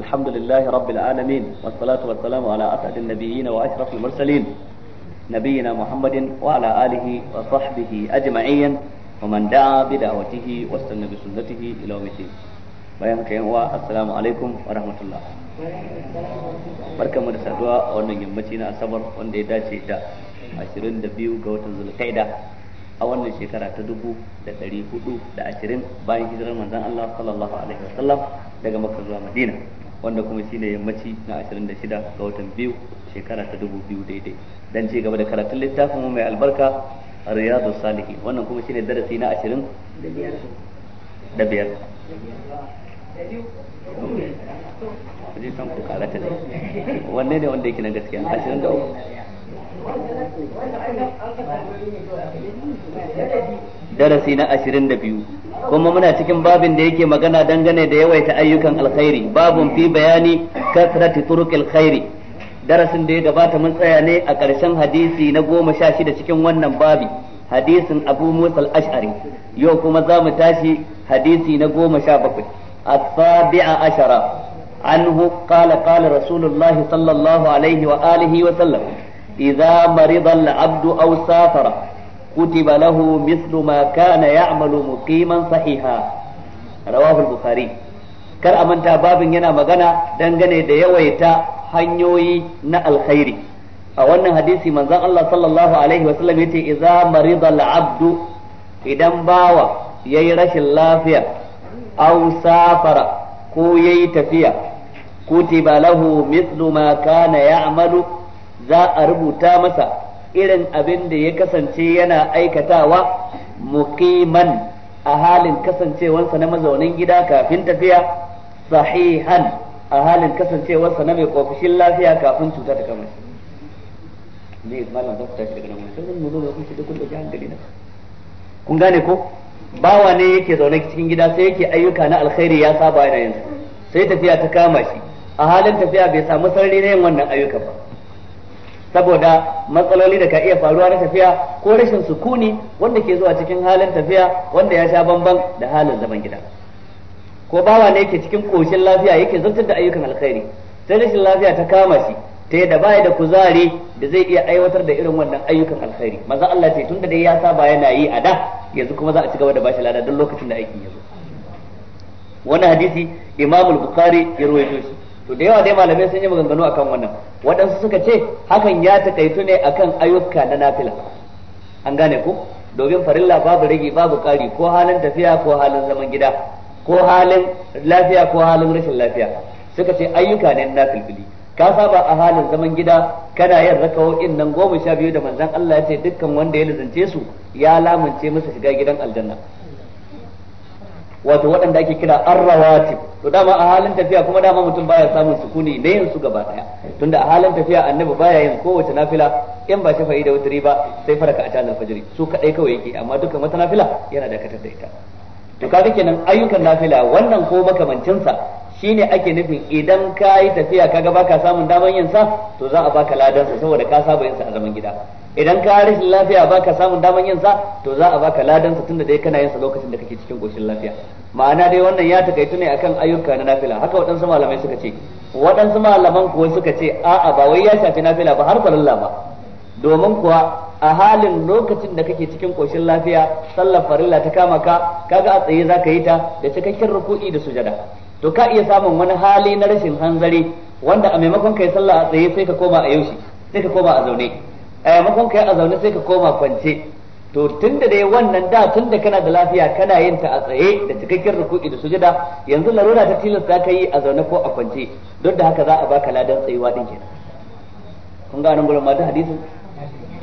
الحمد لله رب العالمين والصلاة والسلام على أسعد النبيين وأشرف المرسلين نبينا محمد وعلى آله وصحبه أجمعين ومن دعا بدعوته واستنى بسنته إلى يوم الدين bayan wa assalamu alaikum wa rahmatullah barkamu da saduwa a wannan yammaci na asabar wanda ya dace da 22 ga watan zulkaida a wannan shekara ta 1420 bayan hijirar manzon Allah sallallahu alaihi wasallam daga Makka zuwa Madina wanda kuma shi ne yammaci na 26 ga watan biyu shekara ta 2000 daidai dan ci gaba da karatun littafin mai albarka riyadu salihi wannan kuma shine darasi na 20 da biyar wanne ne wanda yake na gaskiya 23 darasi na ashirin da biyu kuma muna cikin babin da yake magana dangane da yawaita ayyukan alkhairi babu fi bayani kasrati turuqil alkhairi darasin da ya gabata mun tsaya ne a ƙarshen hadisi na goma sha shida cikin wannan babi hadisin abu musa ashari yau kuma za mu tashi hadisi na goma sha bakwai as-sabi'a ashara anhu qala qala rasulullahi sallallahu alaihi wa alihi wa sallam إذا مرض العبد أو سافر كتب له مثل ما كان يعمل مقيما صحيحا رواه البخاري kar a manta babin yana magana dangane da yawaita hanyoyi na alkhairi a wannan hadisi manzon Allah sallallahu alaihi wasallam yace idza marida al-abdu idan bawa yayi rashin lafiya aw safara ko yayi tafiya kutiba lahu mithlu ma kana ya'malu za a rubuta masa irin abin da ya kasance yana aikatawa muqiman a halin kasancewarsa na mazaunin gida kafin tafiya sahihan a halin kasancewarsa na mai kofishin lafiya kafin cuta ta kama shi ne malam da ku tashi nan sai mun zo ku da kullu jahan gari na kun gane ko bawa ne yake zaune cikin gida sai yake ayyuka na alkhairi ya saba yana yanzu sai tafiya ta kama shi a halin tafiya bai samu sarri na yin wannan ayyuka ba saboda matsaloli da ka iya faruwa na tafiya ko rashin sukuni wanda ke zuwa cikin halin tafiya wanda ya sha bamban da halin zaman gida ko bawa ne yake cikin koshin lafiya yake zartar da ayyukan alkhairi sai rashin lafiya ta kama shi ta yadda baya da kuzari da zai iya aiwatar da irin wannan ayyukan alkhairi maza Allah ce tun da dai ya saba yana yi a da yanzu kuma za a ci gaba da bashi lada don lokacin da aiki ya zo Wani hadisi imamul al-Bukhari ya rawaito shi to da yawa dai malamai sun yi maganganu akan wannan waɗansu suka ce hakan ya takaitu ne akan ayyuka na nafila an gane ku domin farilla babu rigi babu ƙari ko halin tafiya ko halin zaman gida ko halin lafiya ko halin rashin lafiya suka ce ayyuka ne na filfili ka saba a halin zaman gida kana yin rakawo'in nan goma sha biyu da manzan Allah ya ce dukkan wanda ya lizance su ya lamunce masa shiga gidan aljanna wato waɗanda ake kira arrawatib to dama a halin tafiya kuma dama mutum baya samun sukuni da yin su gaba daya tunda a halin tafiya annabi baya yin kowace nafila in ba shafa'i da wutri ba sai faraka a tanar fajiri su kadai kawai yake amma dukkan wata nafila yana dakatar da ita to kaga kenan ayyukan nafila wannan ko makamancinsa ne ake nufin idan ka yi tafiya kaga baka samun daman yin sa to za a baka ladan sa saboda ka saba yin sa a zaman gida idan ka rashin lafiya baka samun daman yin sa to za a baka ladan sa tunda dai kana yin sa lokacin da kake cikin koshin lafiya ma'ana dai wannan ya takaitu ne akan ayyuka na nafila haka waɗansu malamai suka ce waɗansu malaman kuwa suka ce a'a ba wai ya shafi nafila ba har farilla ba domin kuwa a halin lokacin da kake cikin koshin lafiya sallar farilla ta kama ka kaga a tsaye zaka yi ta da cikakken ruku'i da sujada to ka iya samun wani hali na rashin hanzari wanda a maimakon kai sallah a tsaye sai ka koma a yaushe sai ka koma a zaune a maimakon kai a zaune sai ka koma kwance to tun da dai wannan da tunda kana da lafiya kana yin ta a tsaye da cikakken ruku'i da sujada yanzu larura ta tilasta ka yi a zaune ko a kwance duk da haka za a baka ladan tsayuwa din kenan kun ga nan gurin ma da hadisi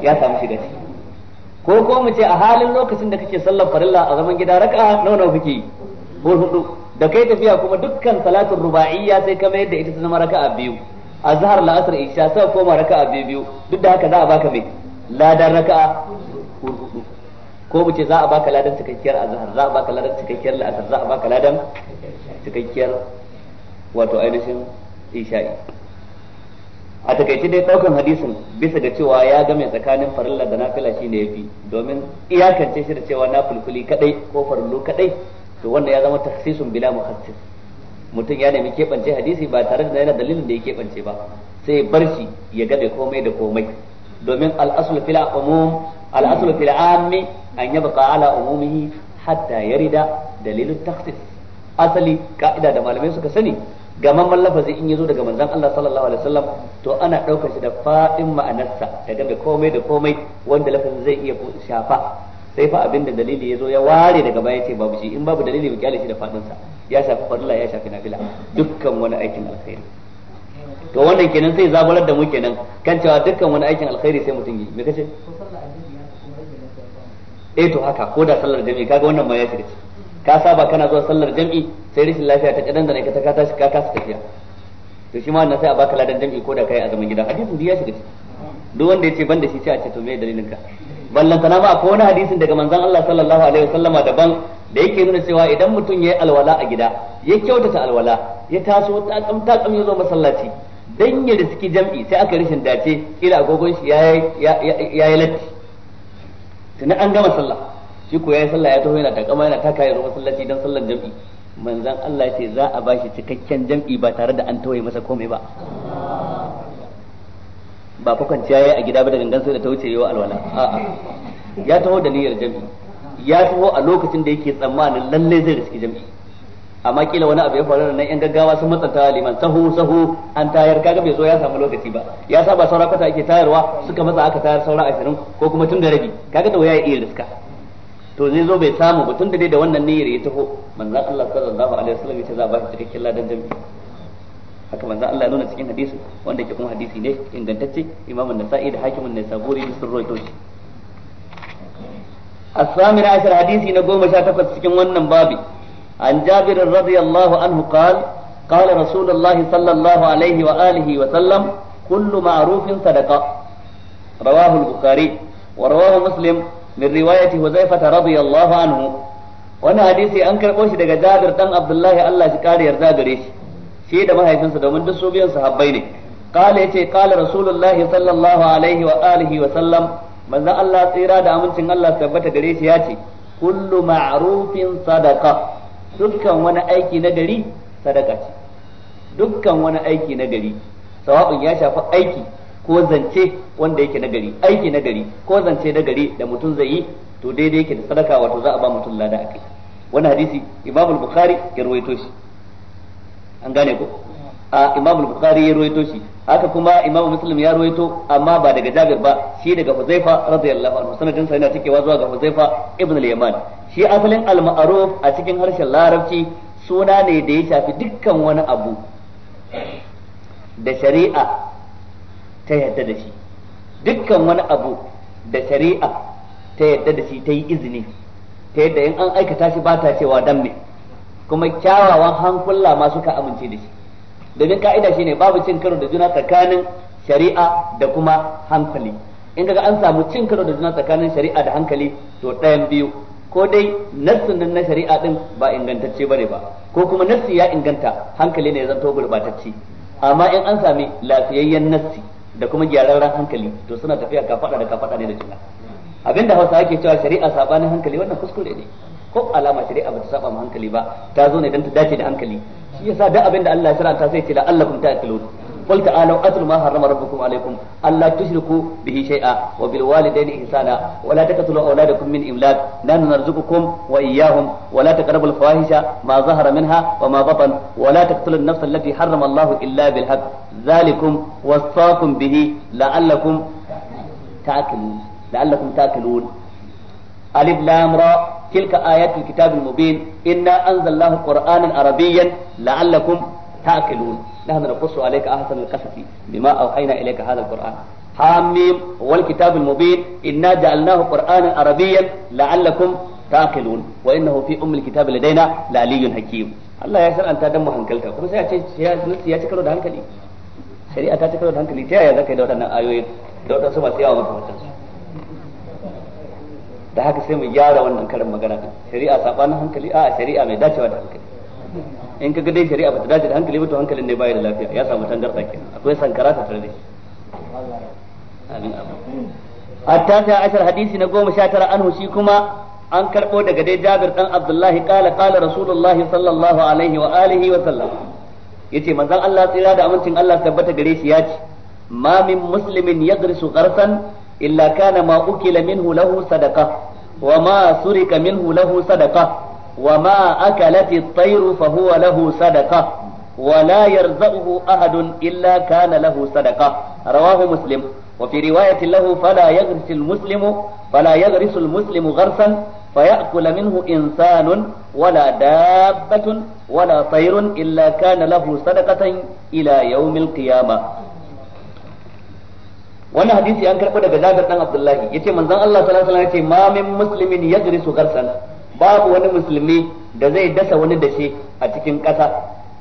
ya samu shiga ciki ko ko mu ce a halin lokacin da kake sallar farilla a zaman gida raka'a nawa nawa kake yi ko hudu da kai tafiya kuma dukkan salatin ruba'iyya sai ka mayar da ita zama raka'a biyu azhar la'asar isha sai koma raka'a biyu biyu duk da haka za a baka mai ladan raka'a ko mu ce za a baka ladan cikakkiyar azhar za a baka ladan cikakkiyar la'asar za a baka ladan cikakkiyar wato ainihin isha'i a takaice dai daukan hadisin bisa ga cewa ya game tsakanin farilla da nafila shine yafi domin iyakance shi da cewa nafilkuli kadai ko farillo kadai to wannan ya zama takhsisun bila mukhassis mutum ya nemi keɓance hadisi ba tare da yana dalilin da ya keɓance ba sai bar shi ya gabe komai da komai domin al'asul fil umum al'asul fil ammi an yabqa ala umumihi hatta yarida dalilin takhsis asali ka'ida da malamai suka sani gamamman lafazi in yazo daga manzon Allah sallallahu alaihi wasallam to ana daukar shi da faɗin ma'anarsa da game komai da komai wanda lafazin zai iya shafa sai fa abinda dalili ya zo ya ware daga baya ce babu shi in babu dalili ba kyale shi da fadinsa ya shafi farilla ya shafi nafila dukkan wani aikin alkhairi to wannan kenan sai zaburar da mu kenan kan cewa dukkan wani aikin alkhairi sai mutum yi me kace eh to haka ko da sallar jami'i kaga wannan ma ya shiga ci ka saba kana zuwa sallar jami'i sai rashin lafiya ta kadan da ne ka ta tashi ka kasa tafiya to shi ma wannan sai a baka ladan jami'i ko da kai a zaman gida hadisin ya shiga ci duk wanda ya ce ban da shi sai a ce to me dalilin ka na ma akwai wani hadisin daga manzon Allah sallallahu alaihi wasallama daban da yake nuna cewa idan mutum ya yi alwala a gida ya kyautata alwala ya taso takam takam ya zo masallaci dan ya suke jam'i sai aka rishin dace kila agogon shi ya yi latti tuna an gama sallah shi ko yayi sallah ya taho yana takama yana taka ya zo masallaci dan sallar jam'i manzon Allah ce za a bashi cikakken jam'i ba tare da an tawaye masa komai ba ba fa kwanciya yayi a gida ba da gangan sai da ta wuce yawa alwala a'a ya taho da niyyar jami'i ya taho a lokacin da yake tsammanin lalle zai riski jami'i amma kila wani abu ya faru nan yan gaggawa sun matsanta liman sahu sahu an tayar kaga bai so ya samu lokaci ba ya saba saura kwata ake tayarwa suka matsa aka tayar saura ashirin ko kuma tun da rabi kaga da waya ya iya riska to zai zo bai samu ba tun da dai da wannan niyyar ya taho manzon Allah sallallahu alaihi wasallam ya ce za a ba shi cikakken ladan jami'i haka manzo Allah ya nuna cikin hadisi wanda yake kuma hadisi ne ingantacce imamu na sa'i da hakimin na saburi da sirro to shi as-samira hadisi na goma sha takwas cikin wannan babi an jabir radhiyallahu anhu qala qala rasulullahi sallallahu alaihi wa alihi wa sallam kullu ma'rufin rawahu al-bukhari wa rawahu muslim min riwayati hudhayfa radhiyallahu anhu wani hadisi an karbo shi daga jabir dan abdullahi Allah shi kare yarda gare shi shi da mahaifinsa domin duk su biyan sahabbai ne qala yace qala rasulullahi sallallahu alaihi wa alihi wa sallam manzo Allah tsira da amincin Allah tabbata gare shi yace kullu ma'rufin sadaqa dukkan wani aiki na gari sadaka ce dukkan wani aiki na gari sawa'un ya shafi aiki ko zance wanda yake na gari aiki na gari ko zance na gari da mutum zai yi to daidai yake da sadaka wato za a ba mutum lada akai wani hadisi imamul bukhari ya rawaito shi an gane ko a Imam Bukhari ya ruwaito shi haka kuma Imam Muslim ya ruwaito amma ba daga Jabir ba shi daga Huzaifa radiyallahu anhu sanadin sa yana cikewa zuwa ga Huzaifa ibn al-Yaman shi asalin al-ma'ruf a cikin harshen Larabci suna ne da ya shafi dukkan wani abu da shari'a ta yadda da shi dukkan wani abu da shari'a ta yadda da shi ta yi izini ta yadda in an aikata shi ba ta cewa dan me kuma kyawawan hankula ma suka amince da shi domin ka'ida shine babu cin karo da juna tsakanin shari'a da kuma hankali in kaga an samu cin karo da juna tsakanin shari'a da hankali to ɗayan biyu ko dai nassin na shari'a din ba ingantacce ne ba ko kuma nassi ya inganta hankali ne ya zanto gurbatacce amma in an sami lafiyayyen nassi da kuma gyararren hankali to suna tafiya kafada da kafada ne da juna abinda Hausa yake cewa shari'a sabanin hankali wannan kuskure ne ko alama shari'a ba ta saba ma hankali ba ta zo ne dan ta dace da hankali shi yasa duk abin da Allah ya shar'anta sai ya ce la'allakum ta'qilun قل تعالوا اتل ما حرم ربكم عليكم الا تشركوا به شيئا وبالوالدين احسانا ولا تقتلوا اولادكم من املاق نحن نرزقكم واياهم ولا تقربوا الفواحش ما ظهر منها وما بطن ولا تقتلوا النفس التي حرم الله الا بالحق ذلكم وصاكم به لعلكم تاكلون لعلكم تاكلون alif lam ra tilka ayatul kitabil mubin inna anzalnahu qur'anan arabiyyan la'allakum ta'qilun nahnu naqussu alayka ahsanal qasasi bima awhayna ilayka hadha alquran حاميم والكتاب المبين إنا جعلناه قرآنا عربيا لعلكم تاقلون وإنه في أم الكتاب لدينا لعلي حكيم Allah ya shar'anta dan mu hankalta kuma sai a ce ya ci karo da hankali shari'a ta ci karo hankali ta ya zaka yi da waɗannan ayoyin da waɗansu masu da haka sai mu gyara wannan karin magana din shari'a sabanin hankali a shari'a mai dacewa da hankali in ka ga dai shari'a bata dace da hankali ba to hankalin ne bai da lafiya ya samu tangarda kenan akwai sankara ta tare amin amin التاسع عشر حديث نقوم شاتر عنه شيكما an كربو دقدي جابر بن عبد الله قال قال رسول الله صلى الله عليه وآله وسلم yace manzon Allah tsira da amincin Allah tabbata gare shi ya ce ma min muslimin yadrisu qarsan illa kana ma ukila minhu lahu sadaqa wa ma surika minhu lahu sadaqa wa ma akalati at-tayru fa huwa lahu sadaqa wa la yarzuquhu ahadun illa kana muslim وفي رواية له فلا يغرس المسلم فلا يغرس المسلم غرسا فيأكل منه إنسان ولا دابة ولا طير إلا كان له صدقة إلى يوم القيامة Wani hadisi an karɓi daga Jabir dan Abdullahi yace manzon Allah sallallahu alaihi wasallam yace ma min muslimin su garsan babu wani musulmi da zai dasa wani dashe a cikin ƙasa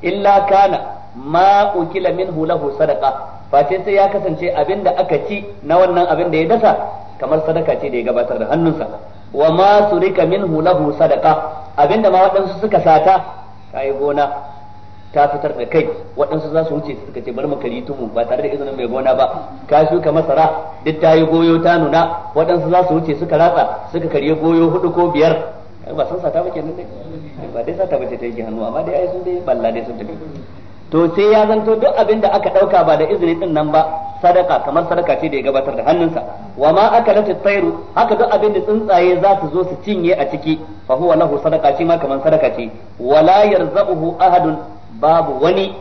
illa kana ma ukila minhu lahu sadaqa face sai ya kasance abin da aka ci na wannan abin da ya dasa kamar sadaka ce da ya gabatar da hannunsa wa ma surika minhu sadaka? sadaqa da ma waɗansu suka sata kai gona ka fitar da kai waɗansu za su wuce suka ce bari mu kari tumu ba tare da izinin mai gona ba ka shuka masara duk ta yi goyo ta nuna waɗansu za su wuce suka ratsa suka karye goyo hudu ko biyar ba san sata ba kenan dai ba dai sata ba ce ta yi hannu amma dai ai sun dai balla dai sun tafi to sai ya zanto duk abin da aka dauka ba da izini din nan ba sadaka kamar sadaka ce da ya gabatar da hannunsa wa ma akalat tayru haka duk abin da tsuntsaye za su zo su cinye a ciki fa huwa lahu sadaka shi ma kamar sadaka ce wala yarzabuhu ahadun babu wani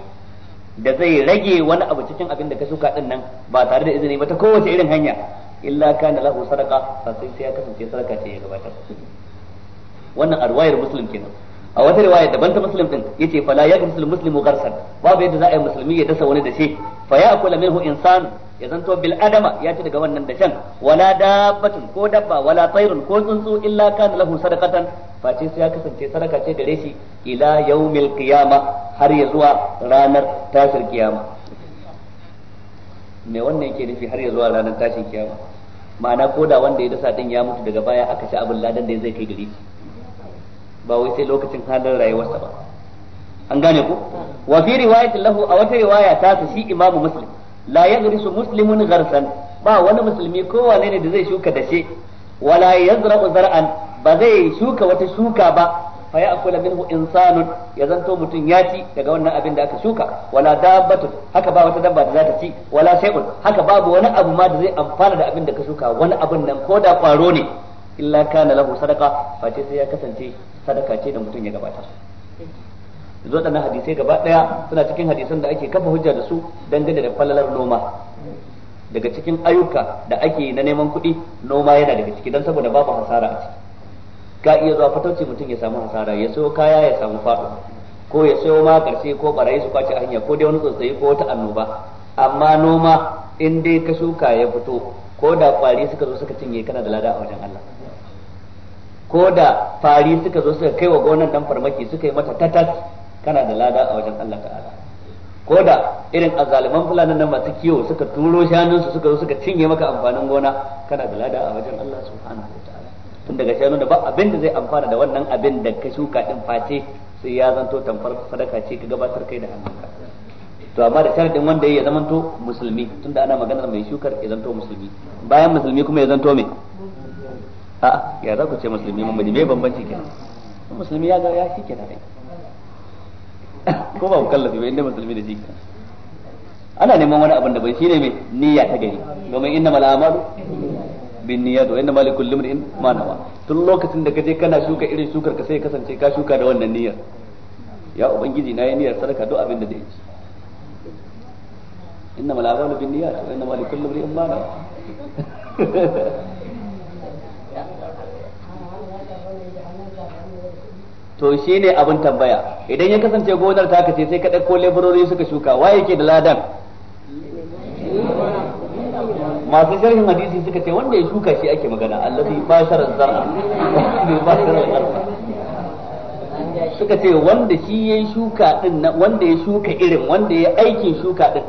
da zai rage wani abu cikin abin da ka shuka din nan ba tare da izini ba ta kowace irin hanya illa kana lahu sadaqa fa sai sai ya kasance sadaka ce ya gabata. wannan arwayar muslim kenan a wata riwaya daban ta muslim din yace fala musulun muslimu gharsan babu yadda za a yi musulmi ya dasa wani da shi fa ya ya'kula minhu insan ya zanto bil adama ya ci daga wannan dashen wala dabbatun ko dabba wala tayrun ko tsuntsu illa kana lahu sadaqatan face sai ya kasance sadaka ce gare shi ila yaumil qiyama har ya zuwa ranar tashin kiyama me wannan yake nufi har ya zuwa ranar tashin kiyama ma'ana ko da wanda ya dasa din ya mutu daga baya aka ci abin ladan da zai kai gare shi ba wai sai lokacin halin rayuwarsa ba an gane ku wa fi riwayatin lahu a wata riwaya ta shi imamu muslim la yagrisu muslimun gharsan ba wani musulmi kowane ne da zai shuka dashe wala yazra'u zar'an ba zai shuka wata shuka ba fa ya'kula minhu insanun ya zanto mutum ya ci daga wannan abin da aka shuka wala dabbatun haka ba wata dabba da za ta ci wala shay'un haka babu wani abu ma da zai amfana da abin da ka shuka wani abin nan ko da kwaro ne illa kana lahu sadaqa face sai ya kasance sadaka ce da mutum ya gabata zo da hadisai gaba ɗaya suna cikin hadisan da ake kafa hujja da su dangane da falalar noma daga cikin ayyuka da ake na neman kuɗi noma yana daga ciki don saboda babu hasara a ciki ka iya zuwa fatauci mutum ya samu hasara ya sayo kaya ya samu faɗo ko ya sayo ma karshe ko barayi su kwace hanya ko dai wani tsotsayi ko wata annoba amma noma in dai ka shuka ya fito ko da kwari suka zo suka cinye kana da lada a wajen Allah ko da fari suka zo suka kai wa gonan dan farmaki suka yi mata tatat kana da lada a wajen Allah ta'ala ko da irin azaliman fulanin nan masu kiyo suka turo shanunsu suka zo suka cinye maka amfanin gona kana da lada a wajen Allah subhanahu wa ta'ala tun daga shanu da ba abin da zai amfana da wannan abin da ka shuka din face sai ya zanto tamfar sadaka ce ka gabatar kai da hannunka to amma da sharadin wanda ya zamanto musulmi tunda ana maganar mai shukar ya zanto musulmi bayan musulmi kuma ya zanto me a ya za ku ce musulmi mun me bambanci kenan musulmi ya ga ya shi kenan ko ba kallafi ba inda musulmi da jika ana neman wani abin da bai shine mai niyya ta gani domin inna mal amalu bin niyya wa inna mal kullu imrin ma nawa tun lokacin da kaje kana shuka irin shukar ka sai kasance ka shuka da wannan niyyar ya ubangiji na yi niyyar sadaka duk abin da zai ci inna mal amalu bin niyya wa inna mal kullu imrin ma nawa to shine abin tambaya idan ya kasance gonar ta kace sai ka ɗauko leburori suka shuka waye ke da ladan masu sharhin hadisi suka ce wanda ya shuka shi ake magana allazi bashara zar'a bai bashara zar'a suka ce wanda shi ya shuka din wanda ya shuka irin wanda ya aikin shuka din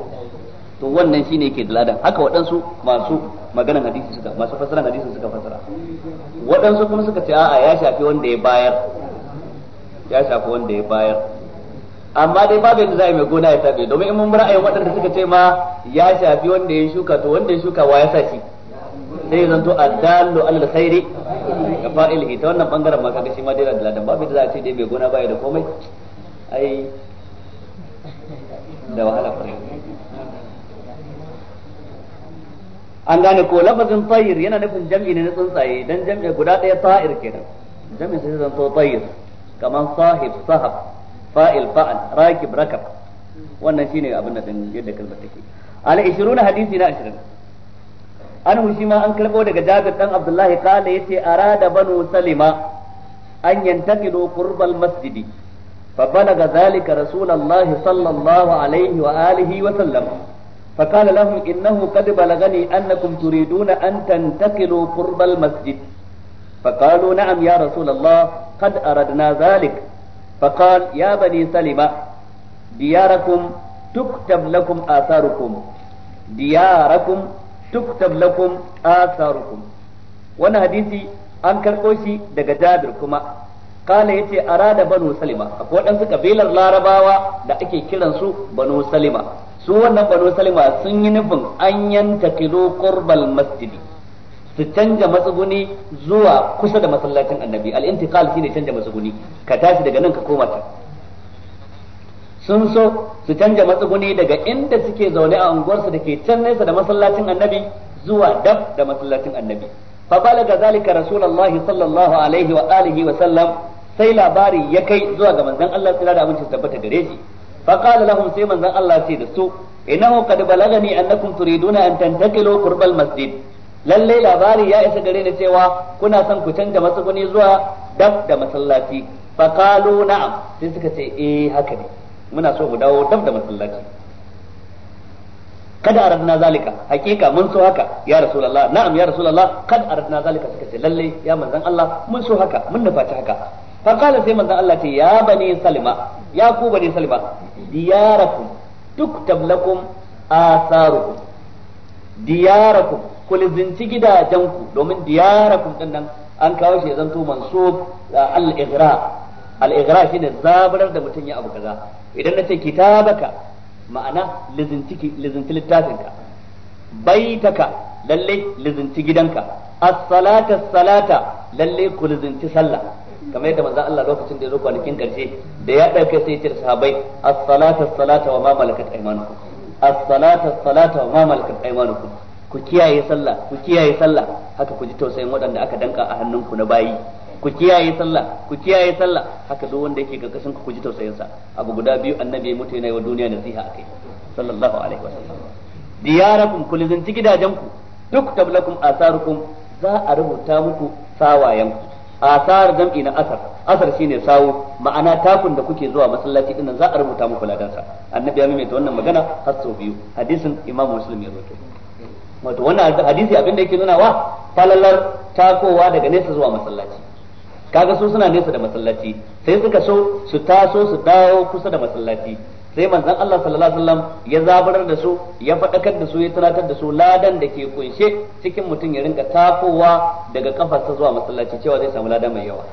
to wannan shine yake da ladan haka waɗansu masu maganan hadisi suka masu fasaran hadisi suka fasara waɗansu kuma suka ce a'a ya shafi wanda ya bayar ya shafi wanda ya bayar amma dai babu yadda za a yi mai gona ya tabe domin in mun bi ayyukan waɗanda suka ce ma ya shafi wanda ya shuka to wanda ya shuka wa ya sashi sai ya zanto addallu alal khairi ga fa'ilihi ta wannan bangaren ma kaga shi ma dai da ladan babu yadda za a ce dai mai gona baya da komai ai da wahala kwarai an gane ko lafazin tsayir yana nufin jam'i ne na tsuntsaye dan jam'i guda ɗaya ta'ir kenan jam'i sai zanto tsayir kaman sahib sahab fa'il fa'al rakib rakab wannan shine abin da din yadda kalmar take al 20 hadisi na 20 an shi ma an karbo daga Jabir dan Abdullahi kala yace arada banu Salima an yantaqilu qurbal masjidi فبلغ ذلك رسول الله صلى الله عليه وآله وسلم فقال لهم إنه قد بلغني أنكم تريدون أن تنتقلوا قرب المسجد فقالوا na'am ya رسول الله قد أردنا ذلك فقال يا بني سلمة دياركم تكتب لكم آثاركم دياركم تكتب لكم آثاركم وانا حديثي an karɓo shi daga Jabir kuma kala yace arada banu salima A waɗansu kabilar larabawa da ake kiransu banu salima su wannan banu salima sun yi nufin an yanta kilo qurbal masjidi su canja matsuguni zuwa kusa da masallacin annabi al-intiqal shine canja matsuguni ka tashi daga nan ka koma ta sun so su canja matsuguni daga inda suke zaune a unguwarsu da ke can nesa da masallacin annabi zuwa dab da masallacin annabi fa balaga zalika rasulullahi sallallahu alaihi wa alihi wa sallam sai labari ya kai zuwa ga manzon Allah tsira da abincin tabbata gare shi fa qala lahum sai manzon Allah ce da su innahu qad balagani annakum turiduna an tantaqilu qurbal masjid lallai labari ya isa gare ni cewa kuna son ku canja matsuguni zuwa dab da masallaci fa qalu na'am sai suka ce eh haka ne muna so mu dawo dab da masallaci kada aradna zalika hakika mun so haka ya rasulullah na'am ya rasulullah kad aradna zalika suka ce lallai ya manzon Allah mun so haka mun nufaci haka fa qala sai manzon Allah ce ya bani salima ya ku bani salima diyarakum tuktab lakum asarukum diyarakum ku lizinci gidajenku domin diyarakum din nan an kawo shi ya zanto mansub al-ighra al-ighra shine zabarar da mutum ya abu kaza idan na nace kitabaka ma'ana lizinci lizinci littafinka baitaka lalle lizinci gidanka as-salata salata lalle ku lizinci sallah kamar yadda manzo Allah lokacin da ya zo kwanakin karshe da ya dauke sai ya ce sahabbai as-salata salata wa ma malakat aymanukum as-salata salata wa ma malakat aymanukum ku kiyaye sallah ku kiyaye sallah haka ku ji tausayin waɗanda aka danka a hannunku na bayi ku kiyaye sallah ku kiyaye sallah haka duk wanda yake karkashin ku ku ji tausayin sa abu guda biyu annabi ya mutu yana wa duniya nasiha akai sallallahu alaihi wasallam diyarakum kulizin gidajen ku duk tablakum asarukum za a rubuta muku sawayen ku asar jam'i na asar asar shine sawo ma'ana takun da kuke zuwa masallaci din za a rubuta muku ladansa annabi ya ta wannan magana har sau biyu hadisin imamu muslim ya rawaito wato wannan hadisi abin da yake nuna wa falalar takowa daga nesa zuwa masallaci kaga su suna nesa da masallaci sai suka so su taso su dawo kusa da masallaci sai manzon Allah sallallahu alaihi wasallam ya zabarar da su ya fadakar da su ya tunatar da su ladan da ke kunshe cikin mutum ya rinka takowa daga kafarsa zuwa masallaci cewa zai samu ladan mai yawa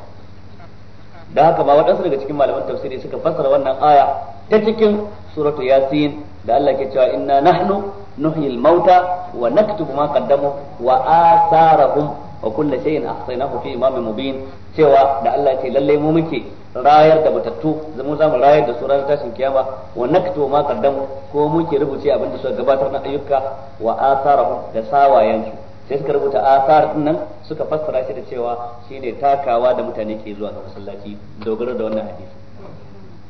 da haka ba waɗansu daga cikin malaman tafsiri suka fassara wannan aya ta cikin suratu yasin da Allah ke cewa inna nahnu nuhyil mauta wa naktubu ma qaddamu wa atharahum wa kullu shay'in ahsaynahu fi imamin mubin cewa da Allah ce lalle mu muke rayar da matattu zamu zamu rayar da suran tashin kiyama wa naktubu ma qaddamu ko muke rubuce abin da suka gabatar na ayyuka wa atharahum da sawayensu sai suka rubuta asar din nan suka fassara shi da cewa shine takawa da mutane ke zuwa ga masallaci dogaro da wannan hadisi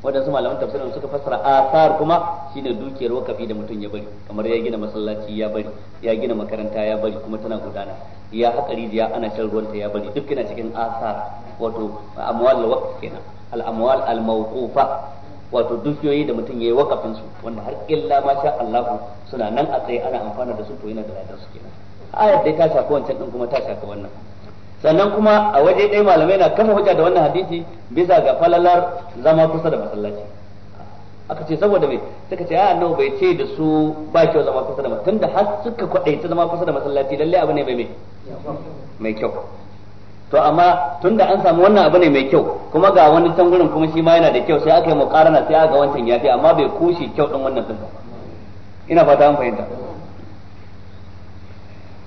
wadansu malaman tafsirin suka fassara asar kuma shine dukiyar wakafi da mutum ya bari kamar ya gina masallaci ya bari ya gina makaranta ya bari kuma tana gudana ya haƙa rijiya ana shan ruwanta ya bari duk yana cikin asar wato amwal waqf kenan al amwal al mawqufa wato dukiyoyi da mutum ya yi wakafin su wanda har illa ma sha Allah suna nan a tsaye ana amfana da su to yana da ladan su kenan ayar dai ta shafi wancan din kuma ta shafi wannan sannan kuma a waje ɗaya malamai na kafa hujja da wannan hadisi bisa ga falalar zama kusa da masallaci aka ce saboda me suka ce a annabi bai ce da su ba kyau zama kusa da masallaci tunda har suka ta zama kusa da masallaci lalle abu ne mai mai kyau to amma tunda an samu wannan abu ne mai kyau kuma ga wani can gurin kuma shi ma yana da kyau sai aka yi muqarana sai aka ga wancan yafi amma bai kushi kyau din wannan din ina fata an fahimta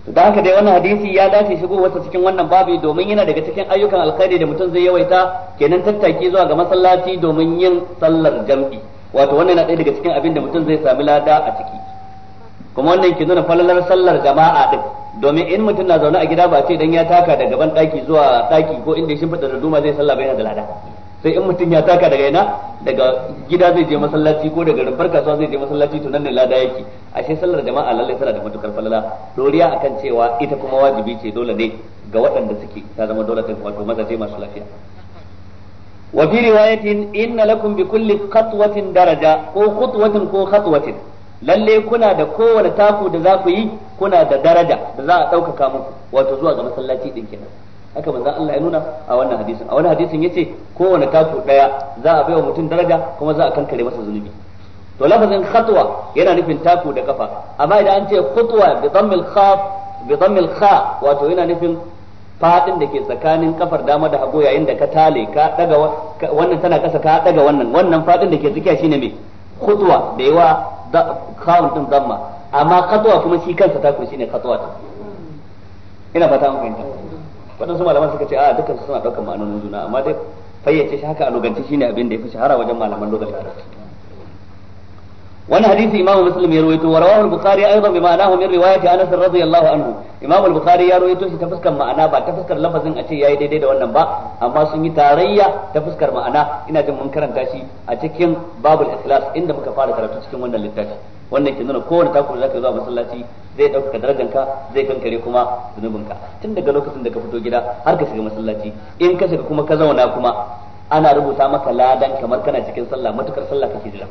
to da haka dai wannan hadisi ya dace shigo wata cikin wannan babu domin yana daga cikin ayyukan alkhairi da mutum zai yawaita kenan tattaki zuwa ga masallaci domin yin sallar jam'i wato wannan yana ɗaya daga cikin abin da mutum zai sami lada a ciki kuma wannan ke nuna falalar sallar jama'a din domin in mutum na zaune a gida ba ce dan ya taka daga ban ɗaki zuwa ɗaki ko inda ya shimfiɗa da duma zai sallah bai da lada sai in mutum ya taka daga ina daga gida zai je masallaci ko daga rumfar kasuwa zai je masallaci to nan ne lada yake ashe sallar jama'a lallai tana da matukar falala doriya akan cewa ita kuma wajibi ce dole ne ga waɗanda suke ta zama dole ta wato mazaje masu lafiya wa fi riwayatin inna lakum bi kulli khatwatin daraja ko khutwatin ko khatwatin lalle kuna da kowane taku da za ku yi kuna da daraja da za a ɗaukaka muku wato zuwa ga masallaci din kenan haka manzon Allah ya nuna a wannan hadisin a wani hadisin yace kowane taku daya za a baiwa mutum daraja kuma za a kankare masa zunubi to lafazin khatwa yana nufin taku da kafa amma idan an ce khutwa bi dhammil khaf bi dhammil kha wato yana nufin fadin da ke tsakanin kafar dama da hagu yayin da ka tale ka daga wannan tana kasa ka daga wannan wannan fadin da ke tsakiya shine me khutwa da yawa kawun din zamma amma khatwa kuma shi kansa taku shine khatwa ta ina fata an fahimta waɗansu malaman suka ce a dukkan suna daukan ma'anonin juna amma dai fayyace shi haka a lugance shine abin da ya fi shahara wajen malaman lokacin. wani hadisi imamu muslim ya rawaito wa rawahu al-bukhari aidan bi ma'anahu min riwayati anas radiyallahu anhu imamu al-bukhari ya rawaito shi ta fuskar ma'ana ba ta fuskar lafazin a ce yayi daidai da wannan ba amma sun yi tarayya ta fuskar ma'ana ina jin mun karanta shi a cikin babul ikhlas inda muka fara karatu cikin wannan littafi wannan ke nuna kowane takuri zaka zuwa masallaci zai dauka darajanka zai kankare kuma zunubinka tun daga lokacin da ka fito gida har ka shiga masallaci in ka shiga kuma ka zauna kuma ana rubuta maka ladan kamar kana cikin sallah matukar sallah kake jira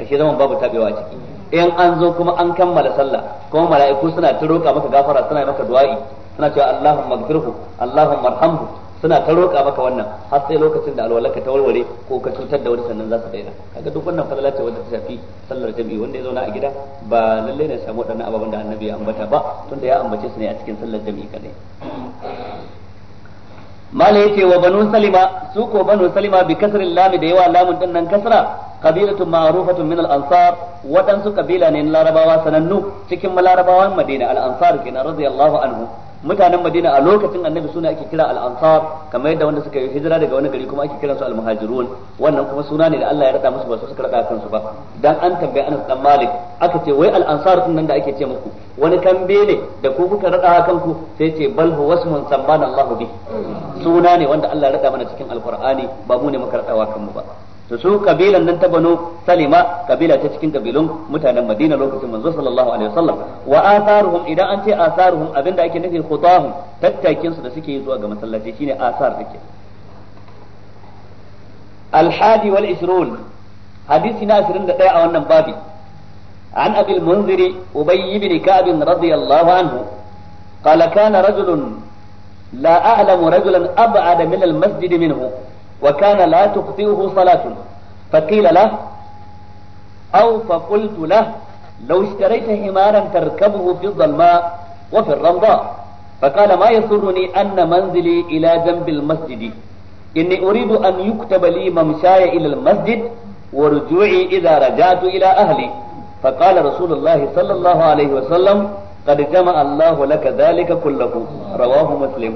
ashe zaman babu tabewa a ciki in an zo kuma an kammala sallah kuma mala'iku suna ta roƙa maka gafara suna maka du'a'i suna cewa Allahumma ighfirhu Allahumma arhamhu suna ta roƙa maka wannan har sai lokacin da alwalaka ta warware ko ka cutar da wani sannan za su daina kaga duk wannan falala ce wanda ta shafi sallar jami'i wanda ya zauna a gida ba lalle ne samu waɗannan ababen da annabi ya ambata ba tunda ya ambace su ne a cikin sallar jami'i kadai mala yace wa banu salima su ko banu salima bi kasrin lami da yawa lamun din nan kasra qabilatun ma'rufatun min al-ansar wadansu kabila ne na larabawa sanannu cikin larabawan madina al-ansar kenan radiyallahu anhu mutanen Madina a lokacin Annabi suna ake kira al-Ansar kamar yadda wanda suka yi hijira daga wani gari kuma ake kiransu al-Muhajirun wannan kuma suna ne da Allah ya rada musu ba su suka rada kansu ba dan an tambaye Anas dan Malik aka ce wai al-Ansar din nan da ake ce muku wani kambe ne da ku kuka rada kanku sai ce bal huwa ismun sabbana Allahu bi suna ne wanda Allah ya rada mana cikin al-Qur'ani ba mu ne muka radawa kanmu ba to su kabilan nan ta banu salima kabila ta cikin kabilun mutanen madina lokacin manzo sallallahu alaihi wasallam wa atharuhum idan an ce atharuhum abinda ake nufi khutahum tattakin su da suke yi zuwa ga masallaci shine asar take الحادي والعشرون حديثنا عشرين دقيقة عن بابي عن أبي المنذر أبي بن كعب رضي الله عنه قال كان رجل لا أعلم رجلا أبعد من المسجد منه وكان لا تخطئه صلاة فقيل له أو فقلت له لو اشتريت حمارا تركبه في الظلماء وفي الرمضاء فقال ما يسرني أن منزلي إلى جنب المسجد إني أريد أن يكتب لي ممشاي إلى المسجد ورجوعي إذا رجعت إلى أهلي فقال رسول الله صلى الله عليه وسلم قد جمع الله لك ذلك كله رواه مسلم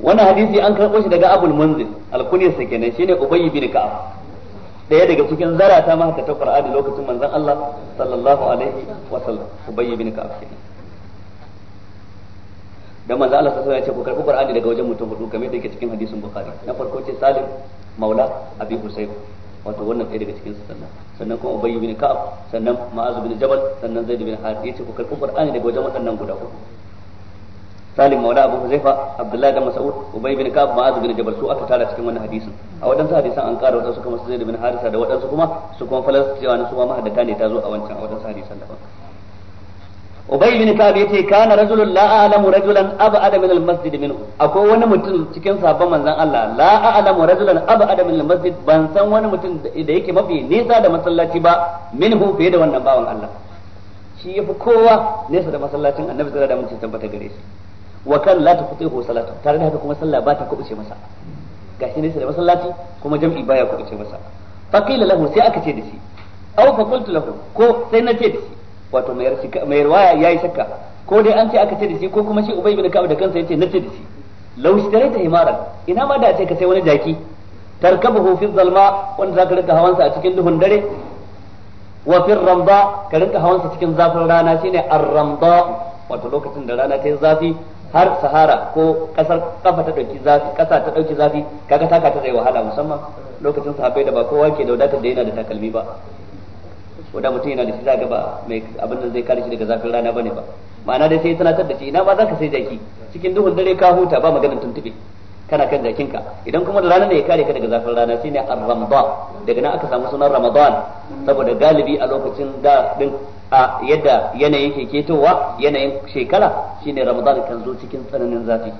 wannan hadisi an karɓo shi daga abul munzir alkunyar sa kenan shine ubayy bin ka'ab daya daga cikin zarata ma haka ta qur'ani lokacin manzon Allah sallallahu alaihi wa sallam ubayy bin ka'ab kenan dan manzo Allah sallallahu alaihi ya ce ku karɓi qur'ani daga wajen mutum hudu kamar yake cikin hadisin bukhari na farko ce salim maula abi husayb wato wannan ɗaya daga cikin sannan sannan kuma ubayy bin ka'ab sannan ma'az bin jabal sannan zaid bin harith ce ku karɓi qur'ani daga wajen waɗannan guda uku salim maula abu huzaifa abdullahi da mas'ud ubay bin ka'ab ma'az bin jabal su aka tara cikin wannan hadisin a wadansu hadisan an ƙara wadansu kuma zaid bin harisa da wadansu kuma su kuma falastiyawa ne su ma mahaddata ne ta zo a wancan a wadansu hadisan daban ubay bin ka'ab yace kana rajulun la a'lamu rajulan ab'ada min al-masjid min akwai wani mutum cikin sabon manzon Allah la a'lamu rajulan ab'ada min al-masjid ban san wani mutum da yake mafi nisa da masallaci ba minhu fiye da wannan bawan Allah shi yafi kowa nesa da masallacin annabi sallallahu alaihi wasallam tabbata gare shi wa kan la taqtihu salatu tare da haka kuma sallah ba ta kubuce masa gashi ne sai masallaci kuma jam'i baya kubuce masa faqila lahu sai aka ce da shi aw fa qultu lahu ko sai na ce da shi wato mai mai riwaya yayi shakka ko dai an ce aka ce da shi ko kuma shi ubay bin ka'ab da kansa yace na ce da shi law ta himaran ina ma da ce ka sai wani jaki tarkabahu fi zalma wanda zaka rinka sa a cikin duhun dare wa fi ramda ka rinka hawansa cikin zafin rana shine ar-ramda wato lokacin da rana ta yi zafi har sahara ko kasar kafa ta dauki zafi kasa ta dauki zafi kaga taka ta zai wahala musamman lokacin sahabbai da ba kowa ke da wadatar da yana da takalmi ba wanda mutum yana da shi zaga ba mai abin da zai kare shi daga zafin rana bane ba ma'ana dai sai tana da ina ba zaka sai jaki cikin duhun dare ka huta ba maganar tuntube kana kan jakinka idan kuma da rana ne ya kare ka daga zafin rana shine ar-ramadan daga nan aka samu sunan ramadan saboda galibi a lokacin da din a yadda yanayin ke ketowa yanayin shekara shine ramadan kan zo cikin tsananin zafi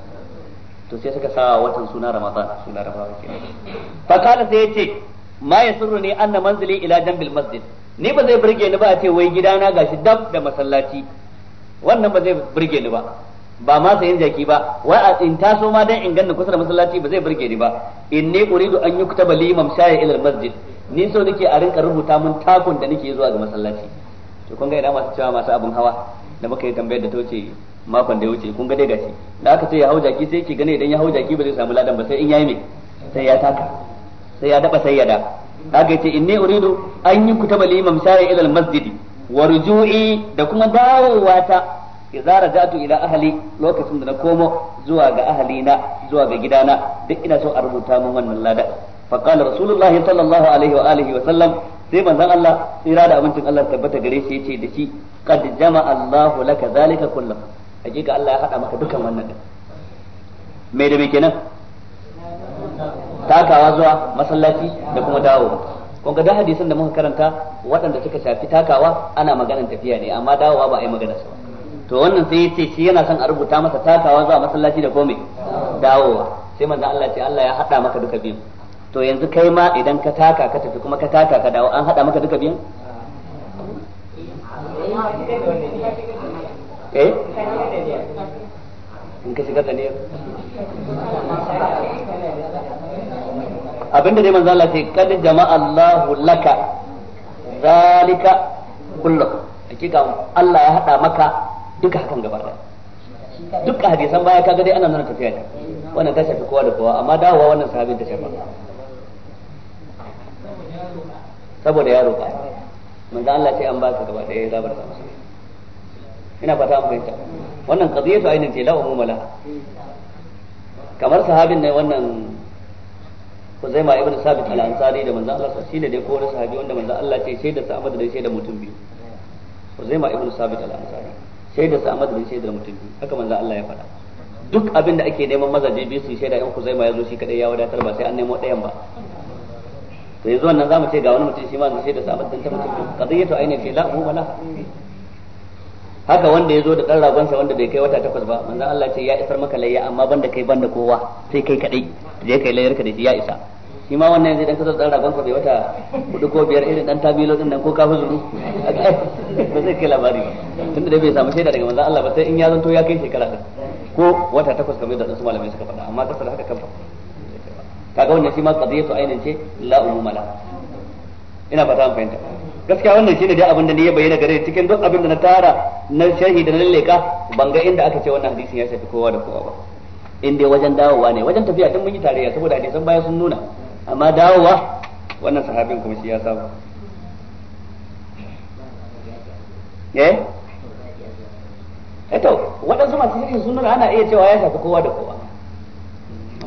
to sai suka sa watan suna ramadan suna ramadan ke fa kala sai yace ma yasurru ni anna manzili ila jambil masjid ni ba zai burge ni ba a ce wai gidana gashi dab da masallaci wannan ba zai burge ni ba ba ma sayan jaki ba a in taso ma dan in ganna kusa da masallaci ba zai burge ni ba In ne uridu an yuktaba limam mamshaya ila masjid ni so nake a rinka rubuta mun takun da nake zuwa ga masallaci to kun ga ina masu cewa masu abin hawa da muka yi tambayar da ta wuce makon da ya wuce kun ga dai gashi da aka ce ya hau jaki sai ke gane idan ya hau jaki ba zai samu ladan ba sai in yayi me sai ya taka sai ya daba sai ya da aka ce inni uridu an yi kutaba li imam sha'i ila masjidi warju'i da kuma dawowa ta idza raja'tu ila ahli lokacin da na komo zuwa ga ahli na zuwa ga gidana duk ina so a rubuta min wannan ladan فقال رسول الله صلى الله عليه واله وسلم sai manzon Allah sai da abincin Allah tabbata gare shi yace da shi qad jama Allahu laka zalika kullu hakika Allah ya hada maka dukan wannan din me da me kenan takawa zuwa masallaci da kuma dawo kun ga da hadisin da muka karanta waɗanda suka shafi takawa ana maganar tafiya ne amma dawowa ba a yi magana sa to wannan sai yace shi yana son a rubuta masa takawa zuwa masallaci da kome dawowa sai manzon Allah ce Allah ya hada maka duka biyu to yanzu kai ma idan ka taka ka tafi kuma ka taka ka dawo an hada maka duka biyan eh in ka shiga tsaniyar abinda dai manzala ce kada jama'a Allahu laka zalika kullu hakika Allah ya hada maka duka hakan gaba da. duka hadisan baya kaga dai ana nuna tafiya ne wannan ta shafi kowa da kowa amma dawowa wannan sahabin ta shafa saboda ya roƙa da Allah ce an ba gaba gaba ɗaya zabar sama ina fata an fahimta wannan qadiyatu ainin ce la mumala kamar sahabin ne wannan Huzaima ibn Sabit al-Ansari da manzo Allah shi ne dai ko wani sahabi wanda manzo Allah ce shaidar sa Ahmad da da mutum biyu Huzaima ibn Sabit al-Ansari shaidar sa Ahmad da da mutum biyu haka manzo Allah ya faɗa duk abin da ake neman mazaje biyu su shaida in Huzaima ya zo shi kadai ya wadatar ba sai an nemo ɗayan ba to yanzu wannan zamu ce ga wani mutum shi ma zai da sa abadan ta mutum qadiyatu ayni fi la mu bala haka wanda ya zo da ɗan sa wanda bai kai wata takwas ba manzo Allah ce ya isar maka layya amma banda kai banda kowa sai kai kadai je kai layyar ka da shi ya isa shi ma wannan yanzu dan ka dan da ɗan bai wata hudu ko biyar irin dan tabilo din nan ko ka huzuru ba zai kai labari tunda dai bai samu shaida daga manzo Allah ba sai in ya zanto ya kai shekara ko wata takwas kamar da su malamai suka faɗa amma kasar haka kan kaga wannan shi ma qadiyatu ainin ce la umuma la ina fata an fahimta gaskiya wannan shine dai abin da ni ya bayyana gare cikin duk abin da na tara na shahi da na lalleka ban ga inda aka ce wannan hadisin ya shafi kowa da kowa ba in dai wajen dawowa ne wajen tafiya tun mun yi tarayya saboda hadisan baya sun nuna amma dawowa wannan sahabin kuma shi ya saba eh eto eh waɗansu masu shirin sun nuna ana iya cewa ya shafi kowa da kowa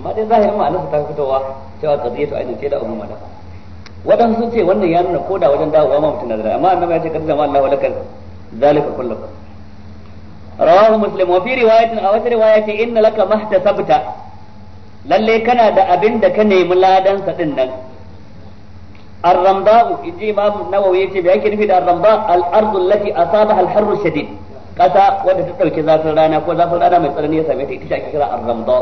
amma dai zahirin ma'anarsa ta fitowa cewa qadiyatu ainin ce da ummu madafa wadan sun ce wannan ya nuna koda wajen dawowa ma mutum da amma annabi ya ce kada jama'a Allahu lakal zalika kullu rawahu muslim wa fi riwayatin aw wata riwaya ce inna laka mahtasabta lalle kana da abin da ka nemi ladan sa din nan ar-ramda'u inji imam nawawi yace me yake nufi da ar-ramda al-ardu allati asabaha al-harru shadid kasa wanda ta dauki zafin rana ko zafin rana mai tsanani ya same ta ita ake kira ar-ramda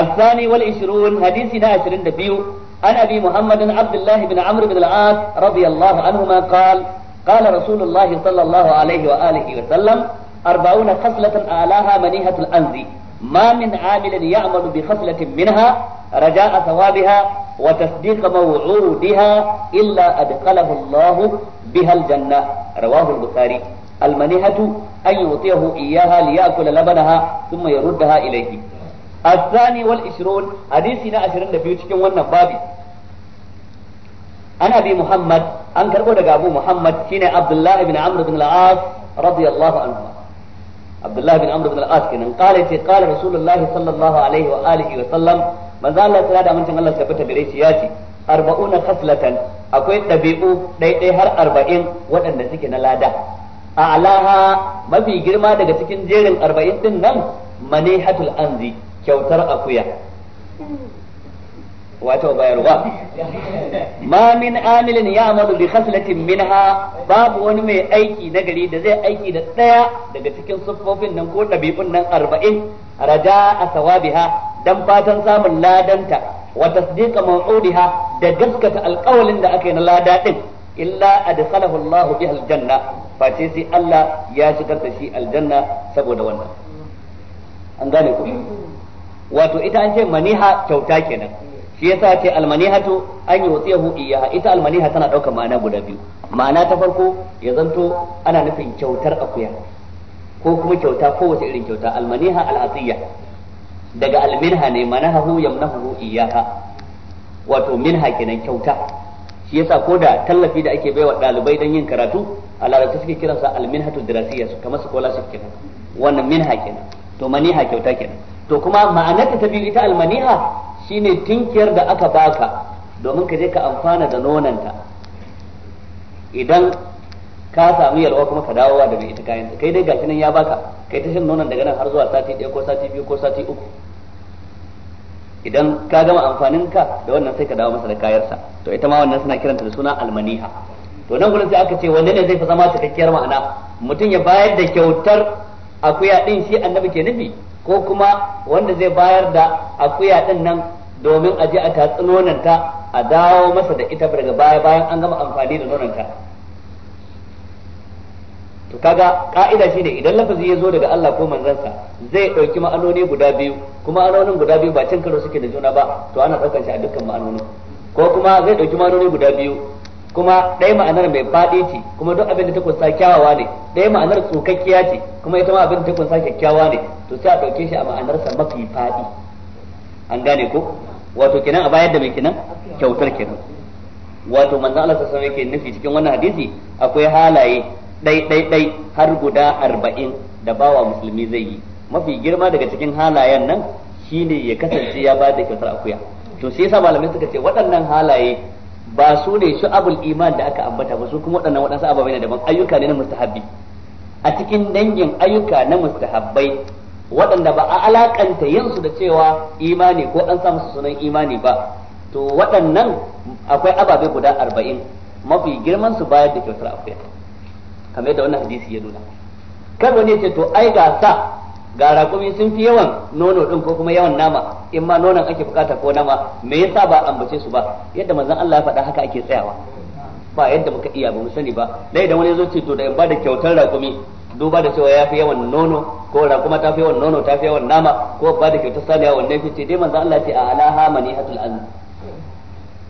الثاني والعشرون حديثنا عشرين دبيو عن أبي محمد عبد الله بن عمرو بن العاص رضي الله عنهما قال قال رسول الله صلى الله عليه وآله وسلم أربعون خصلة أعلاها منيهة الأنز ما من عامل يعمل بخصلة منها رجاء ثوابها وتصديق موعودها إلا أدخله الله بها الجنة رواه البخاري المنيهة أن يعطيه إياها ليأكل لبنها ثم يردها إليه الثاني والعشرون حديثنا عشرين في wannan babi an abi muhammad an karbo daga abu muhammad shine abdullahi bin amr bin al-as radiyallahu anhu abdullahi bin amr bin al-as kenan qala ce qala rasulullahi sallallahu alaihi wa alihi wa sallam manzo Allah tsira da amincin Allah tabbata gare shi ya ce arba'una khaslatan akwai ɗabi'u ɗaiɗai har arba'in waɗanda suke na lada a alaha mafi girma daga cikin jerin arba'in din nan manihatul anzi kyautar akuya wato bayarwa ma min amilin ya amalu bi khaslatin minha babu wani mai aiki na gari da zai aiki da daya daga cikin siffofin nan ko dabi'un nan 40 raja a sawabiha dan fatan samun ladanta wa tasdiqa maw'udiha da gaskata alƙawalin da aka yi na lada din illa adkhalahu Allahu biha aljanna face sai Allah ya shigar da shi aljanna saboda wannan an gane ku wato ita an ce maniha kyauta kenan shi yasa ce almanihatu an yi yahu iyaha ita almaniha tana ɗaukar ma'ana guda biyu ma'ana ta farko ya zanto ana nufin kyautar akuya ko kuma kyauta ko kowace irin kyauta almaniha al'atiyya daga alminha ne manahahu yamnahu iyaha wato minha kenan kyauta shi yasa ko da tallafi da ake baiwa ɗalibai don yin karatu a larabci suke kiransa alminhatu dirasiyya kamar scholarship kenan wannan minha kenan to maniha kyauta kenan to kuma ma'anarta ta biyu ita almaniha shine tinkiyar da aka baka domin ka je ka amfana da nonanta idan ka samu yalwa kuma ka dawowa da mai ita kayan kai dai gashi nan ya baka kai ta shan nonon daga nan har zuwa sati ɗaya ko sati biyu ko sati uku idan ka gama amfanin ka da wannan sai ka dawo masa da kayarsa to ita ma wannan suna kiranta da suna almaniha to nan gurin sai aka ce wanne ne zai fi zama cikakkiyar ma'ana mutum ya bayar da kyautar akuya din shi annabi ke nufi ko kuma wanda zai bayar da akuya din nan domin a je a tatsi nonanta a dawo masa da ita daga baya bayan an gama amfani da nonanta to kaga ka'ida shine idan lafazi ya zo daga Allah ko manzansa zai dauki ma'anoni guda biyu kuma ma'anonin guda biyu ba cin karo suke da juna ba to ana daukar shi a dukkan ma'anoni ko kuma zai dauki ma'anoni guda biyu kuma ɗaya ma'anar mai faɗi ce kuma duk abin da ta kunsa kyawawa ne ɗaya ma'anar tsokakkiya ce kuma ita ma abin da ta kunsa kyakkyawa ne to sai a ɗauke shi a ma'anarsa mafi faɗi an gane ko wato kenan a bayar da mai kenan kyautar kenan wato manzo Allah sallallahu alaihi wasallam yake nufi cikin wannan hadisi akwai halaye ɗai ɗai ɗai har guda arba'in da bawa musulmi zai yi mafi girma daga cikin halayen nan shine ya kasance ya ba da kyautar akuya to sai yasa malamai suka ce waɗannan halaye ba su ne abul iman da aka ambata ba su kuma waɗannan waɗansu ababai ne daban ayyuka ne na mustahabbi a cikin dangin ayyuka na mustahabbai waɗanda ba a alakanta yin su da cewa imani ko an sa musu sunan imani ba to waɗannan akwai ababe guda arba'in mafi girman su bayar da kyautar afiya kamar yadda wannan hadisi ya nuna kar wani ce to ai ga sa ga raƙumi sun fi yawan nono ɗin ko kuma yawan nama in ma nonon ake bukata ko nama me yasa ba ambace su ba yadda manzon Allah ya faɗa haka ake tsayawa ba yadda muka iya ba mu sani ba dai idan wani zo ce to da in ba da kyautar raƙumi duba da cewa ya fi yawan nono ko raƙuma ta fi yawan nono ta fi yawan nama ko ba da kyautar saniya wannan fi ce dai manzon Allah ce a alaha manihatul an